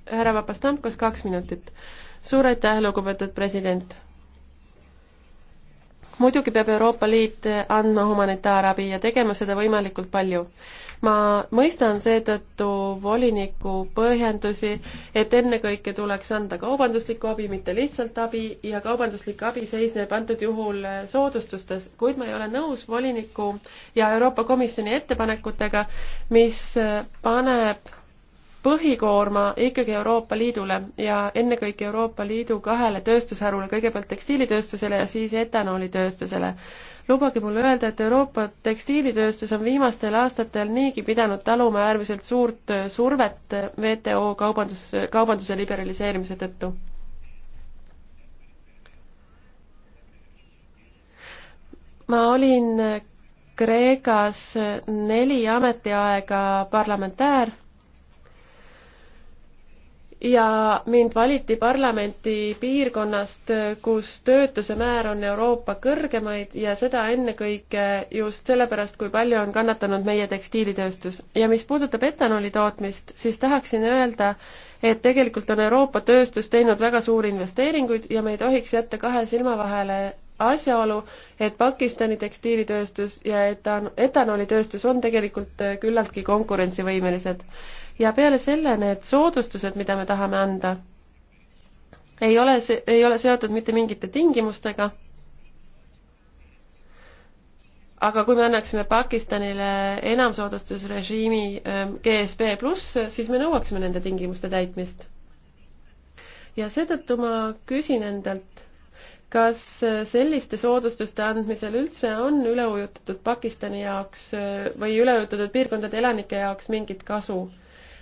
S1: härra Papastamkos, kaks minutit. suur aitäh, lugupeetud president muidugi peab Euroopa Liit andma humanitaarabi ja tegema seda võimalikult palju. ma mõistan seetõttu voliniku põhjendusi, et ennekõike tuleks anda kaubanduslikku abi, mitte lihtsalt abi ja kaubanduslik abi seisneb antud juhul soodustustes, kuid ma ei ole nõus voliniku ja Euroopa Komisjoni ettepanekutega, mis paneb põhikoorma ikkagi Euroopa Liidule ja ennekõike Euroopa Liidu kahele tööstusharule, kõigepealt tekstiilitööstusele ja siis etanoolitööstusele. lubage mulle öelda, et Euroopa tekstiilitööstus on viimastel aastatel niigi pidanud taluma äärmiselt suurt survet WTO kaubandus, kaubanduse liberaliseerimise tõttu. ma olin Kreekas neli ametiaega parlamentäär ja mind valiti parlamenti piirkonnast, kus töötuse määr on Euroopa kõrgemaid ja seda ennekõike just sellepärast, kui palju on kannatanud meie tekstiilitööstus. ja mis puudutab etanooli tootmist, siis tahaksin öelda, et tegelikult on Euroopa tööstus teinud väga suuri investeeringuid ja me ei tohiks jätta kahe silma vahele asjaolu, et Pakistani tekstiilitööstus ja etan-, etanoolitööstus on tegelikult küllaltki konkurentsivõimelised ja peale selle need soodustused, mida me tahame anda, ei ole, ei ole seotud mitte mingite tingimustega, aga kui me annaksime Pakistanile enamsoodustusrežiimi ähm, GSB pluss, siis me nõuaksime nende tingimuste täitmist. ja seetõttu ma küsin endalt, kas äh, selliste soodustuste andmisel üldse on üleujutatud Pakistani jaoks äh, või üleujutatud piirkondade elanike jaoks mingit kasu?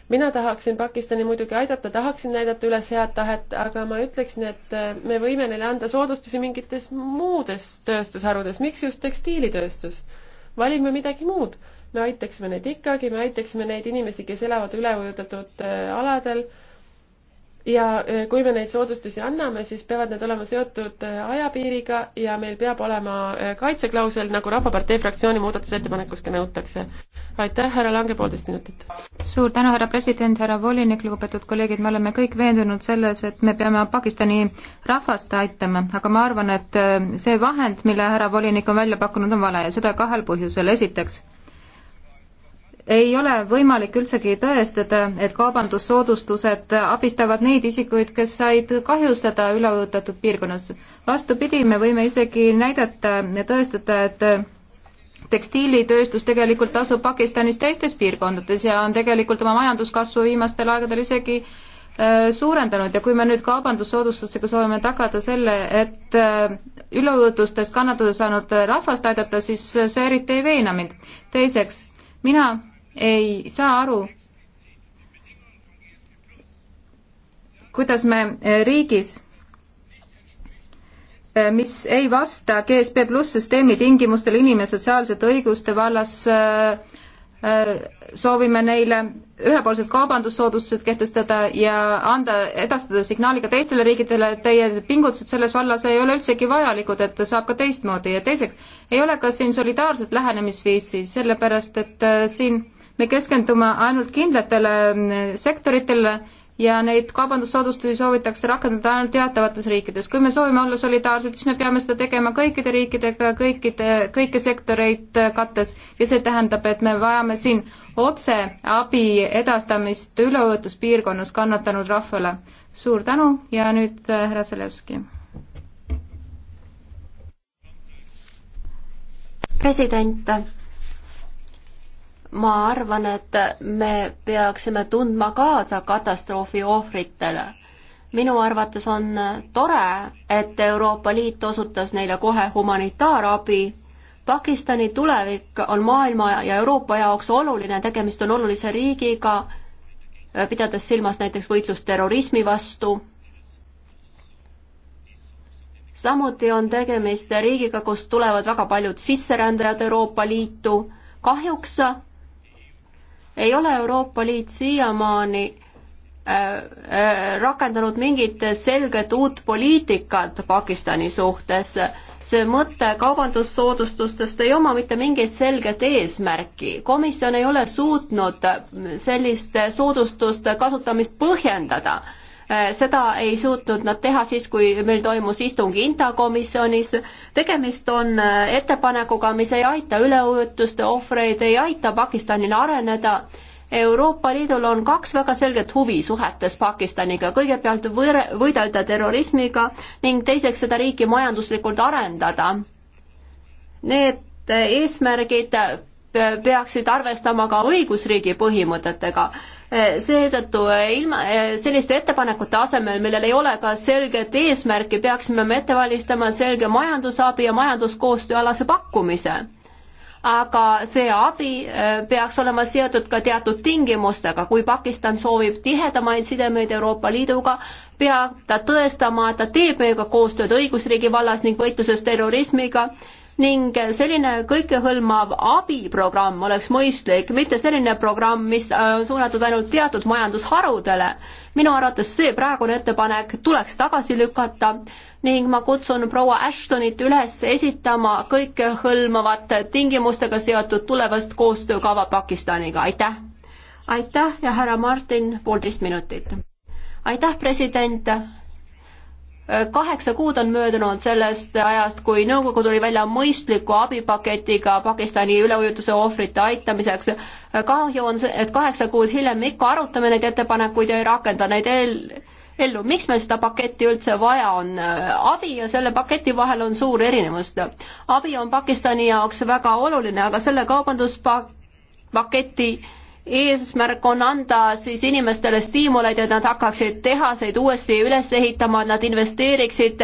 S1: mina tahaksin Pakistani muidugi aidata, tahaksin näidata üles head tahet, aga ma ütleksin, et äh, me võime neile anda soodustusi mingites muudes tööstusharudes, miks just tekstiilitööstus? valime midagi muud. me aitaksime neid ikkagi, me aitaksime neid inimesi, kes elavad üleujutatud äh, aladel ja äh, kui me neid soodustusi anname, siis peavad need olema seotud äh, ajapiiriga ja meil peab olema äh, kaitseklausel, nagu Rahvapartei fraktsiooni muudatusettepanekus ka nõutakse. aitäh, härra Lange, poolteist minutit.
S2: suur tänu, härra president, härra volinik, lugupeetud kolleegid, me oleme kõik veendunud selles, et me peame Pakistani rahvast aitama, aga ma arvan, et see vahend, mille härra volinik on välja pakkunud, on vale ja seda kahel põhjusel. esiteks ei ole võimalik üldsegi tõestada, et kaubandussoodustused abistavad neid isikuid, kes said kahjustada üleujutatud piirkonnas. vastupidi, me võime isegi näidata ja tõestada, et tekstiilitööstus tegelikult asub Pakistanis teistes piirkondades ja on tegelikult oma majanduskasvu viimastel aegadel isegi äh, suurendanud ja kui me nüüd kaubandussoodustustega soovime tagada selle, et äh, üleujutustest kannatada saanud rahvast aidata, siis see eriti ei veena mind. teiseks, mina ei saa aru, kuidas me äh, riigis, äh, mis ei vasta GSP pluss süsteemi tingimustele inimene sotsiaalsete õiguste vallas, äh, soovime neile ühepoolsed kaubandussoodustused kehtestada ja anda, edastada signaali ka teistele riikidele, et teie pingutused selles vallas ei ole üldsegi vajalikud, et saab ka teistmoodi ja teiseks, ei ole ka siin solidaarset lähenemisviisi, sellepärast et siin äh, me keskendume ainult kindlatele mm, sektoritele ja neid kaubandussoodustusi soovitakse rakendada ainult teatavates riikides. kui me soovime olla solidaarsed, siis me peame seda tegema kõikide riikidega, kõikide, kõiki sektoreid kattes ja see tähendab, et me vajame siin otse abi edastamist üleujutuspiirkonnas kannatanud rahvale. suur tänu ja nüüd äh, härra Zelevski. president
S3: ma arvan, et me peaksime tundma kaasa katastroofi ohvritele. minu arvates on tore, et Euroopa Liit osutas neile kohe humanitaarabi. Pakistani tulevik on maailma ja Euroopa jaoks oluline, tegemist on olulise riigiga, pidades silmas näiteks võitlust terrorismi vastu samuti on tegemist riigiga, kust tulevad väga paljud sisserändajad Euroopa Liitu. kahjuks ei ole Euroopa Liit siiamaani äh, äh, rakendanud mingit selget uut poliitikat Pakistani suhtes. see mõte kaubandussoodustustest ei oma mitte mingit selget eesmärki. komisjon ei ole suutnud selliste soodustuste kasutamist põhjendada Äh, seda ei suutnud nad teha siis, kui meil toimus istung INTA komisjonis. tegemist on äh, ettepanekuga, mis ei aita üleujutuste ohvreid, ei aita Pakistanil areneda. Euroopa Liidul on kaks väga selget huvi suhetes Pakistaniga, kõigepealt võre, võidelda terrorismiga ning teiseks seda riiki majanduslikult arendada. Need äh, eesmärgid peaksid arvestama ka õigusriigi põhimõtetega seetõttu eh, ilma eh, selliste ettepanekute asemel, millel ei ole ka selget eesmärki, peaksime me ette valmistama selge majandusabi ja majanduskoostööalase pakkumise aga see abi eh, peaks olema seotud ka teatud tingimustega, kui Pakistan soovib tihedamaid sidemeid Euroopa Liiduga, peab ta tõestama, et ta teeb meiega koostööd õigusriigi vallas ning võitluses terrorismiga ning selline kõikehõlmav abiprogramm oleks mõistlik, mitte selline programm, mis äh, on suunatud ainult teatud majandusharudele. minu arvates see praegune ettepanek tuleks tagasi lükata ning ma kutsun proua Ashtonit üles esitama kõikehõlmavat tingimustega seotud tulevast koostöökava Pakistaniga, aitäh! aitäh ja härra Martin, poolteist minutit. aitäh, president! kaheksa kuud on möödunud sellest ajast, kui nõukogu tuli välja mõistliku abipaketiga Pakistani üleujutuse ohvrite aitamiseks. kahju on see, et kaheksa kuud hiljem ikka arutame neid ettepanekuid ja ei rakenda neid el-, ellu. miks meil seda paketti üldse vaja on? abi ja selle paketi vahel on suur erinevus. abi on Pakistani jaoks väga oluline, aga selle kaubanduspaketi eesmärk on anda siis inimestele stiimuleid, et nad hakkaksid tehaseid uuesti üles ehitama, et nad investeeriksid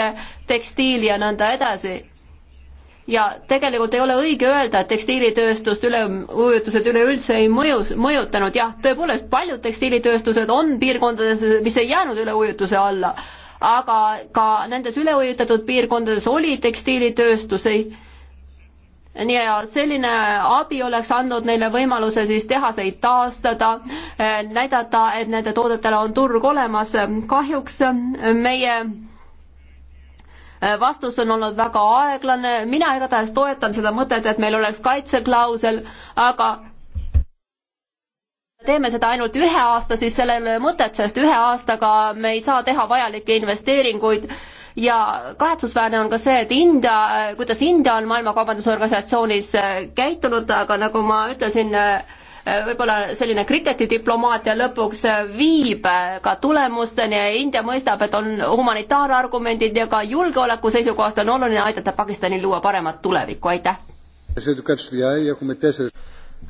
S3: tekstiili ja nõnda edasi. ja tegelikult ei ole õige öelda, et tekstiilitööstust üleujutused üleüldse ei mõju, mõjutanud, jah, tõepoolest, paljud tekstiilitööstused on piirkondades, mis ei jäänud üleujutuse alla, aga ka nendes üleujutatud piirkondades oli tekstiilitööstusi nii, selline abi oleks andnud neile võimaluse siis tehaseid taastada, eh, näidata, et nende toodetele on turg olemas. kahjuks eh, meie eh, vastus on olnud väga aeglane, mina igatahes toetan seda mõtet, et meil oleks kaitseklausel, aga teeme seda ainult ühe aasta, siis sellel ei ole mõtet, sest ühe aastaga me ei saa teha vajalikke investeeringuid ja kahetsusväärne on ka see, et India, äh, kuidas India on Maailma Kaubandusorganisatsioonis äh, käitunud, aga nagu ma ütlesin, äh, võib-olla selline kriketidiplomaatia lõpuks viib ka tulemusteni ja India mõistab, et on humanitaarargumendid ja ka julgeoleku seisukohast on oluline aidata Pakistanil
S1: luua paremat tulevikku, aitäh!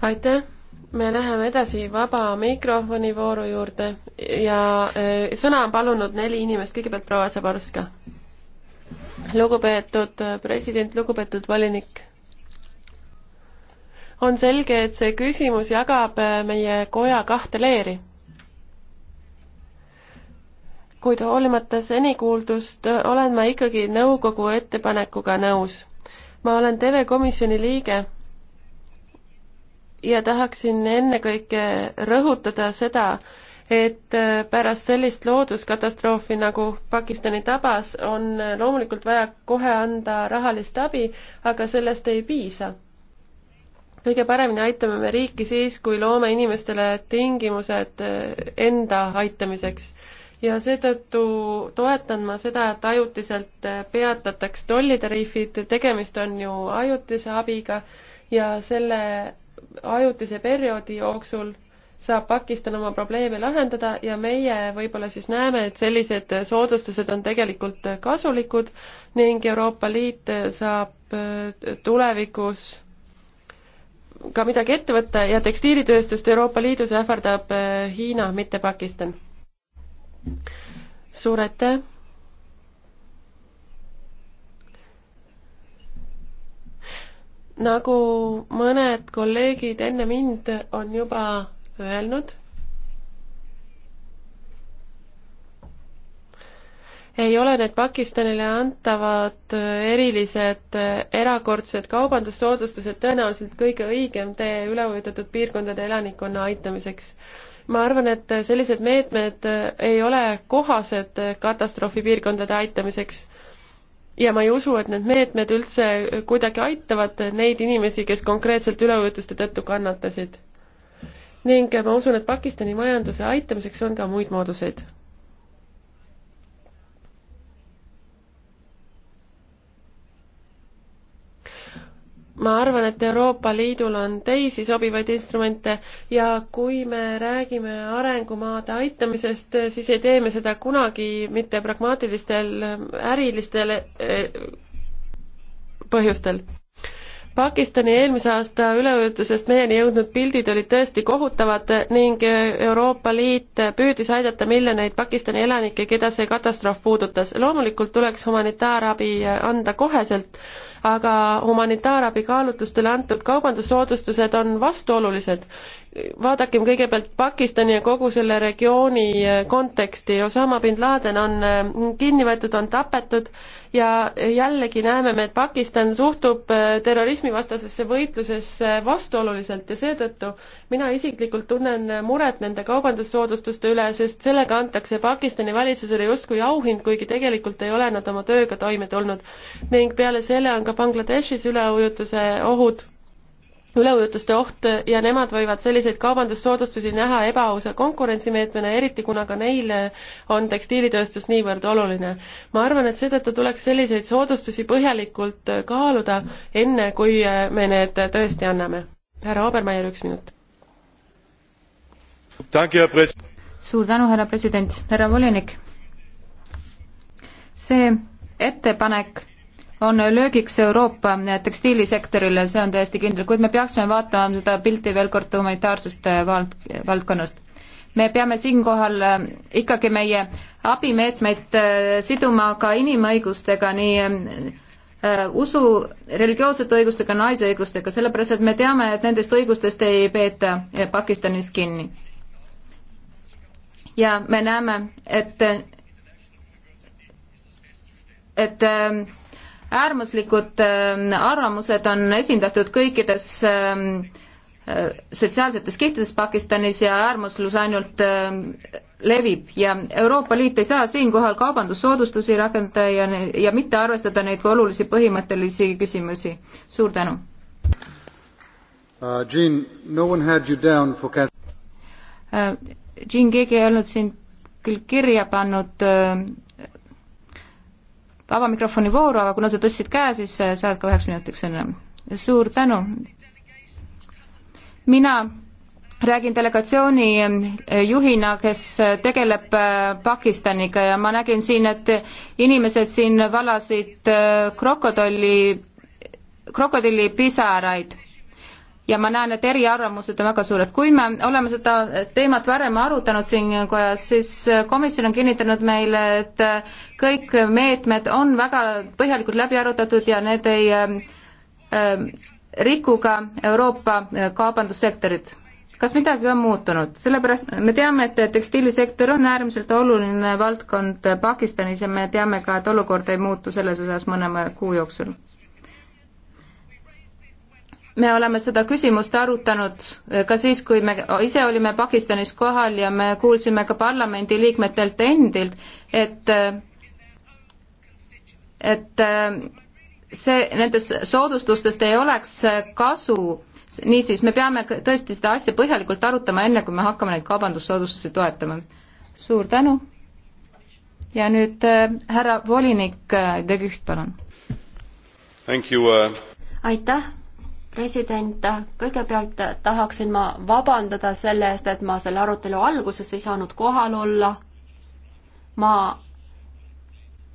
S1: aitäh! me läheme edasi vaba mikrofoni vooru juurde ja e, sõna on palunud neli inimest, kõigepealt proua Zaborska. lugupeetud eh, president, lugupeetud volinik. on selge, et see küsimus jagab eh, meie koja kahte leeri. kuid hoolimata seni kuuldust olen ma ikkagi nõukogu ettepanekuga nõus. ma olen TV Komisjoni liige ja tahaksin ennekõike rõhutada seda, et äh, pärast sellist looduskatastroofi, nagu Pakistani tabas, on äh, loomulikult vaja kohe anda rahalist abi, aga sellest ei piisa. kõige paremini aitame me riiki siis, kui loome inimestele tingimused äh, enda aitamiseks. ja seetõttu toetan ma seda, et ajutiselt peatataks tollitariifid, tegemist on ju ajutise abiga ja selle ajutise perioodi jooksul saab Pakistan oma probleeme lahendada ja meie võib-olla siis näeme, et sellised soodustused on tegelikult kasulikud ning Euroopa Liit saab äh, tulevikus ka midagi ette võtta ja tekstiilitööstust Euroopa Liidus ähvardab äh, Hiina, mitte Pakistan. suur aitäh! nagu mõned kolleegid enne mind on juba öelnud, ei ole need Pakistanile antavad erilised erakordsed kaubandussoodustused tõenäoliselt kõige õigem tee üleujutatud piirkondade elanikkonna aitamiseks. ma arvan, et sellised meetmed ei ole kohased katastroofipiirkondade aitamiseks ja ma ei usu, et need meetmed üldse kuidagi aitavad neid inimesi, kes konkreetselt üleujutuste tõttu kannatasid. ning ma usun, et Pakistani majanduse aitamiseks on ka muid mooduseid ma arvan, et Euroopa Liidul on teisi sobivaid instrumente ja kui me räägime arengumaade aitamisest, siis ei tee me seda kunagi mitte pragmaatilistel ärilistel eh, põhjustel. Pakistani eelmise aasta üleujutusest meieni jõudnud pildid olid tõesti kohutavad ning Euroopa Liit püüdis aidata miljoneid Pakistani elanikke, keda see katastroof puudutas. loomulikult tuleks humanitaarabi anda koheselt aga humanitaarabi kaalutlustele antud kaubandussoodustused on vastuolulised. vaadakem kõigepealt Pakistani ja kogu selle regiooni eh, konteksti, Osama bin Laden on eh, kinni võetud, on tapetud ja jällegi näeme me, et Pakistan suhtub eh, terrorismivastasesse võitlusesse vastuoluliselt ja seetõttu mina isiklikult tunnen muret nende kaubandussoodustuste üle, sest sellega antakse Pakistani valitsusele justkui auhind, kuigi tegelikult ei ole nad oma tööga toime tulnud. ning peale selle on ka Bangladeshis üleujutuse ohud üleujutuste oht ja nemad võivad selliseid kaubandussoodustusi näha ebaausa konkurentsimeetmena, eriti kuna ka neile on tekstiilitööstus niivõrd oluline. ma arvan, et seetõttu tuleks selliseid soodustusi põhjalikult kaaluda, enne kui me need tõesti anname. härra Obermeier, üks minut suur tänu, härra president, härra volinik.
S2: see ettepanek on löögiks Euroopa tekstiilisektorile, see on täiesti kindel, kuid me peaksime vaatama seda pilti veel kord humanitaarsest vald-, valdkonnast. me peame siinkohal äh, ikkagi meie abimeetmeid äh, siduma ka inimõigustega, nii äh, usu, religioossete õigustega, naise õigustega, sellepärast et me teame, et nendest õigustest ei peeta Pakistanis kinni ja me näeme, et, et ähm, äärmuslikud ähm, arvamused on esindatud kõikides ähm, äh, sotsiaalsetes kihtides Pakistanis ja äärmuslus ainult levib ja Euroopa Liit ei saa siinkohal kaubandussoodustusi rakendada ja, ja mitte arvestada neid olulisi põhimõttelisi küsimusi. suur tänu uh,! Jean, no one had you down for uh, siin keegi ei olnud siin küll kirja pannud äh, vaba mikrofoni vooru, aga kuna sa tõstsid käe, siis äh, saad ka üheks minutiks sõna. suur tänu! mina räägin delegatsiooni äh, juhina, kes tegeleb Pakistaniga ja ma nägin siin, et inimesed siin valasid krokodilli, krokodillipisaraid ja ma näen, et eriarvamused on väga suured. kui me oleme seda teemat varem arutanud siin kojas, siis komisjon on kinnitanud meile, et kõik meetmed on väga põhjalikult läbi arutatud ja need ei ähm, riku ka Euroopa kaubandussektorit kas midagi on muutunud? sellepärast me teame, et tekstiilisektor on äärmiselt oluline valdkond Pakistanis ja me teame ka, et olukord ei muutu selles osas mõne kuu jooksul me oleme seda küsimust arutanud eh, ka siis, kui me ise olime Pakistanis kohal ja me kuulsime ka parlamendiliikmetelt endilt, et eh, et eh, see, nendest soodustustest ei oleks kasu, niisiis, me peame tõesti seda asja põhjalikult arutama, enne kui me hakkame neid kaubandussoodustusi toetama. suur tänu ja nüüd äh, härra volinik äh, De Güht, palun.
S3: Uh...
S2: aitäh president, kõigepealt tahaksin ma
S3: vabandada selle eest, et ma selle arutelu alguses ei saanud kohal olla. ma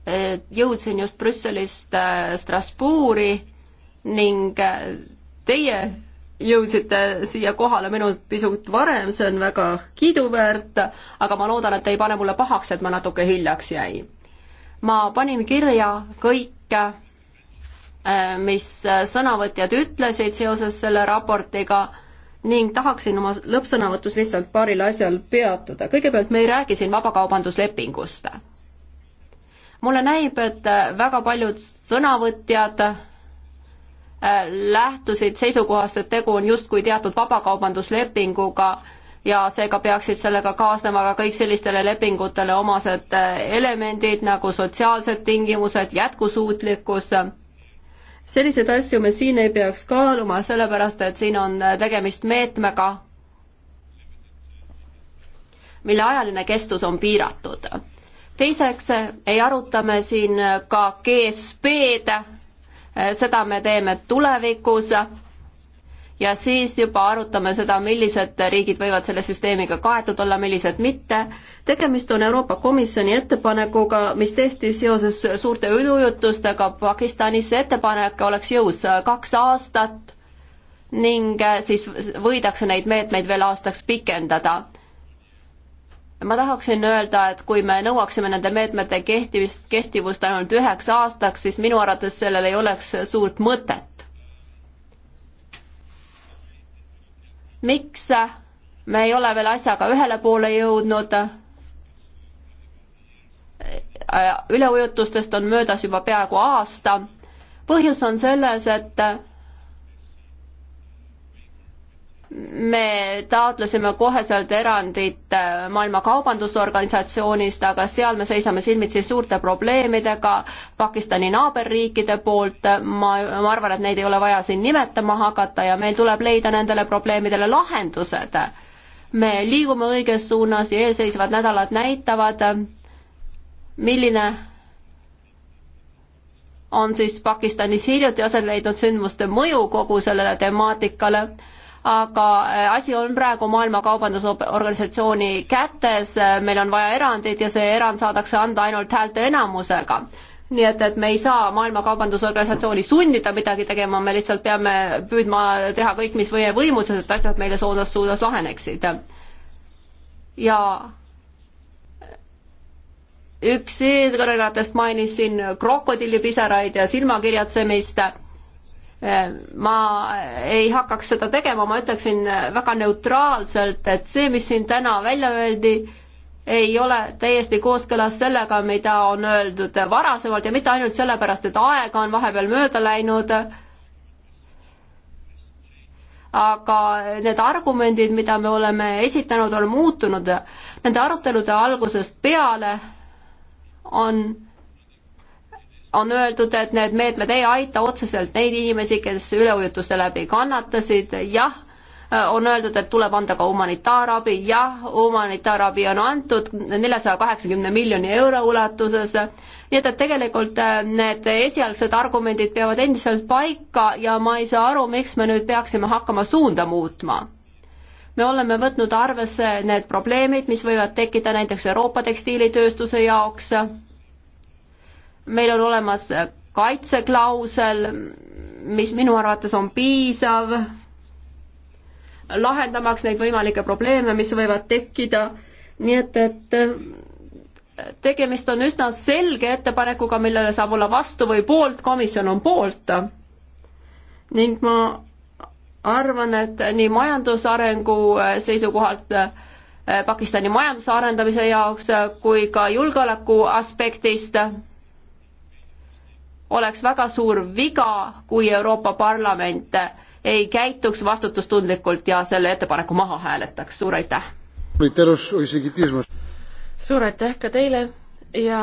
S3: eh, jõudsin just Brüsselist eh, Strasbourgi ning eh, teie jõudsite siia kohale minut pisut varem, see on väga kiiduväärt, aga ma loodan, et te ei pane mulle pahaks, et ma natuke hiljaks jäin. ma panin kirja kõik Äh, mis äh, sõnavõtjad ütlesid seoses selle raportiga ning tahaksin oma lõppsõnavõtus lihtsalt paaril asjal peatuda. kõigepealt me ei räägi siin vabakaubanduslepingust. mulle näib, et äh, väga paljud sõnavõtjad lähtusid seisukohast, et tegu on justkui teatud vabakaubanduslepinguga ja seega peaksid sellega kaasnema ka kõik sellistele lepingutele omased elemendid nagu sotsiaalsed tingimused, jätkusuutlikkus selliseid asju me siin ei peaks kaaluma, sellepärast et siin on äh, tegemist meetmega, mille ajaline kestus on piiratud. teiseks äh, ei aruta me siin äh, ka GSP-d, seda me teeme tulevikus ja siis juba arutame seda, millised riigid võivad selle süsteemiga kaetud olla, millised mitte. tegemist on Euroopa Komisjoni ettepanekuga, mis tehti seoses suurte ülujutustega Pakistanis, see ettepanek oleks jõus kaks aastat ning siis võidakse neid meetmeid veel aastaks pikendada ma tahaksin öelda, et kui me nõuaksime nende meetmete kehtivist, kehtivust ainult üheks aastaks, siis minu arvates sellel ei oleks suurt mõtet miks me ei ole veel asjaga ühele poole jõudnud? üleujutustest on möödas juba peaaegu aasta. põhjus on selles, et me taotlesime koheselt erandit äh, Maailma Kaubandusorganisatsioonist, aga seal me seisame silmitsi suurte probleemidega Pakistani naaberriikide poolt, ma, ma arvan, et neid ei ole vaja siin nimetama hakata ja meil tuleb leida nendele probleemidele lahendused. me liigume õiges suunas ja eelseisvad nädalad näitavad, milline on siis Pakistanis hiljuti aset leidnud sündmuste mõju kogu sellele temaatikale aga äh, asi on praegu Maailma Kaubandusorganisatsiooni kätes, äh, meil on vaja erandit ja see erand saadakse anda ainult häälte enamusega. nii et, et me ei saa Maailma Kaubandusorganisatsiooni sundida midagi tegema, me lihtsalt peame püüdma teha kõik, mis meie võimuses, et asjad meile soodsas suunas laheneksid. ja üks eelkõnelejatest mainis siin krokodillipisaraid ja silmakirjatsemist ma ei hakkaks seda tegema, ma ütleksin väga neutraalselt, et see, mis siin täna välja öeldi, ei ole täiesti kooskõlas sellega, mida on öeldud varasemalt ja mitte ainult sellepärast, et aega on vahepeal mööda läinud, aga need argumendid, mida me oleme esitanud, on muutunud. Nende arutelude algusest peale on on öeldud, et need meetmed ei aita otseselt neid inimesi, kes üleujutuste läbi kannatasid, jah, on öeldud, et tuleb anda ka humanitaarabi, jah, humanitaarabi on antud neljasaja kaheksakümne miljoni euro ulatuses, nii et, et tegelikult äh, need esialgsed argumendid peavad endiselt paika ja ma ei saa aru, miks me nüüd peaksime hakkama suunda muutma me oleme võtnud arvesse need probleemid, mis võivad tekkida näiteks Euroopa tekstiilitööstuse jaoks meil on olemas kaitseklausel, mis minu arvates on piisav, lahendamaks neid võimalikke probleeme, mis võivad tekkida, nii et, et tegemist on üsna selge ettepanekuga, millele saab olla vastu või poolt, komisjon on poolt. ning ma arvan, et nii majandusarengu seisukohalt eh, Pakistani majanduse arendamise jaoks kui ka julgeoleku aspektist oleks väga suur viga, kui Euroopa Parlament ei käituks vastutustundlikult ja selle ettepaneku maha
S1: hääletaks, suur aitäh! suur aitäh ka teile ja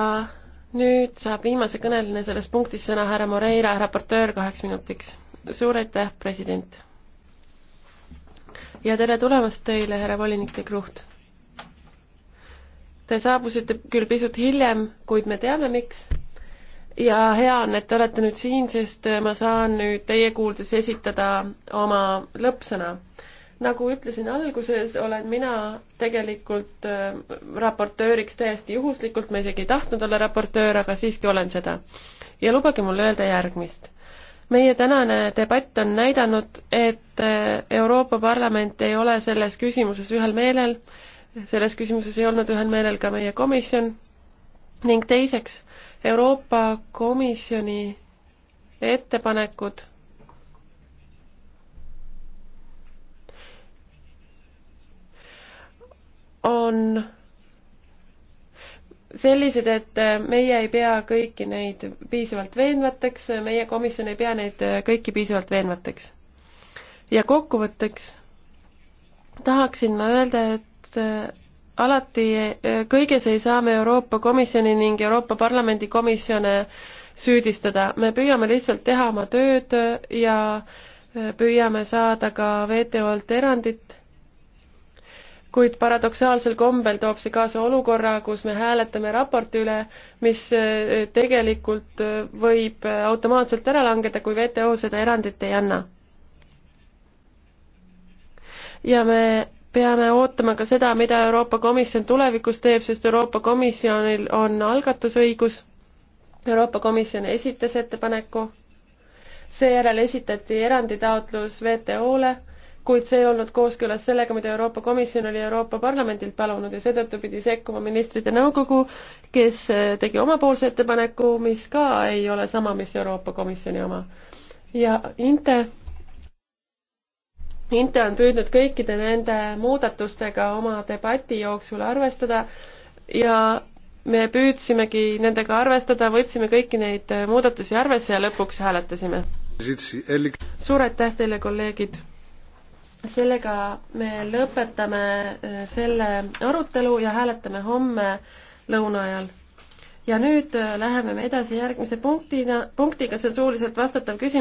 S1: nüüd saab viimase kõneline selles punktis sõna härra Moreira, raportöör kaheks minutiks. suur aitäh, president! ja tere tulemast teile, härra volinik de Kruht! Te saabusite küll pisut hiljem, kuid me teame, miks ja hea on, et te olete nüüd siin, sest ma saan nüüd teie kuuldes esitada oma lõppsõna. nagu ütlesin alguses, olen mina tegelikult äh, raportööriks täiesti juhuslikult, ma isegi ei tahtnud olla raportöör, aga siiski olen seda. ja lubage mul öelda järgmist meie tänane debatt on näidanud, et äh, Euroopa Parlament ei ole selles küsimuses ühel meelel, selles küsimuses ei olnud ühel meelel ka meie komisjon ning teiseks, Euroopa Komisjoni ettepanekud on sellised, et meie ei pea kõiki neid piisavalt veenvateks, meie komisjon ei pea neid kõiki piisavalt veenvateks. ja kokkuvõtteks tahaksin ma öelda, et alati, eh, kõiges ei saa me Euroopa Komisjoni ning Euroopa Parlamendi komisjone süüdistada, me püüame lihtsalt teha oma tööd ja eh, püüame saada ka WTO-lt erandit, kuid paradoksaalsel kombel toob see kaasa olukorra, kus me hääletame raporti üle, mis eh, tegelikult võib automaatselt ära langeda, kui WTO seda erandit ei anna. ja me peame ootama ka seda, mida Euroopa Komisjon tulevikus teeb, sest Euroopa Komisjonil on algatusõigus. Euroopa Komisjon esitas ettepaneku, seejärel esitati eranditaotlus WTO-le, kuid see ei olnud kooskõlas sellega, mida Euroopa Komisjon oli Euroopa Parlamendilt palunud ja seetõttu pidi sekkuma ministrite nõukogu, kes tegi omapoolse ettepaneku, mis ka ei ole sama, mis Euroopa Komisjoni oma. ja Inte Inte on püüdnud kõikide nende muudatustega oma debati jooksul arvestada ja me püüdsimegi nendega arvestada, võtsime kõiki neid muudatusi arvesse ja lõpuks hääletasime. suur aitäh teile, kolleegid! sellega me lõpetame äh, selle arutelu ja hääletame homme lõuna ajal ja nüüd äh, läheme me edasi järgmise punktina, punktiga, see on suuliselt vastatav küsimus.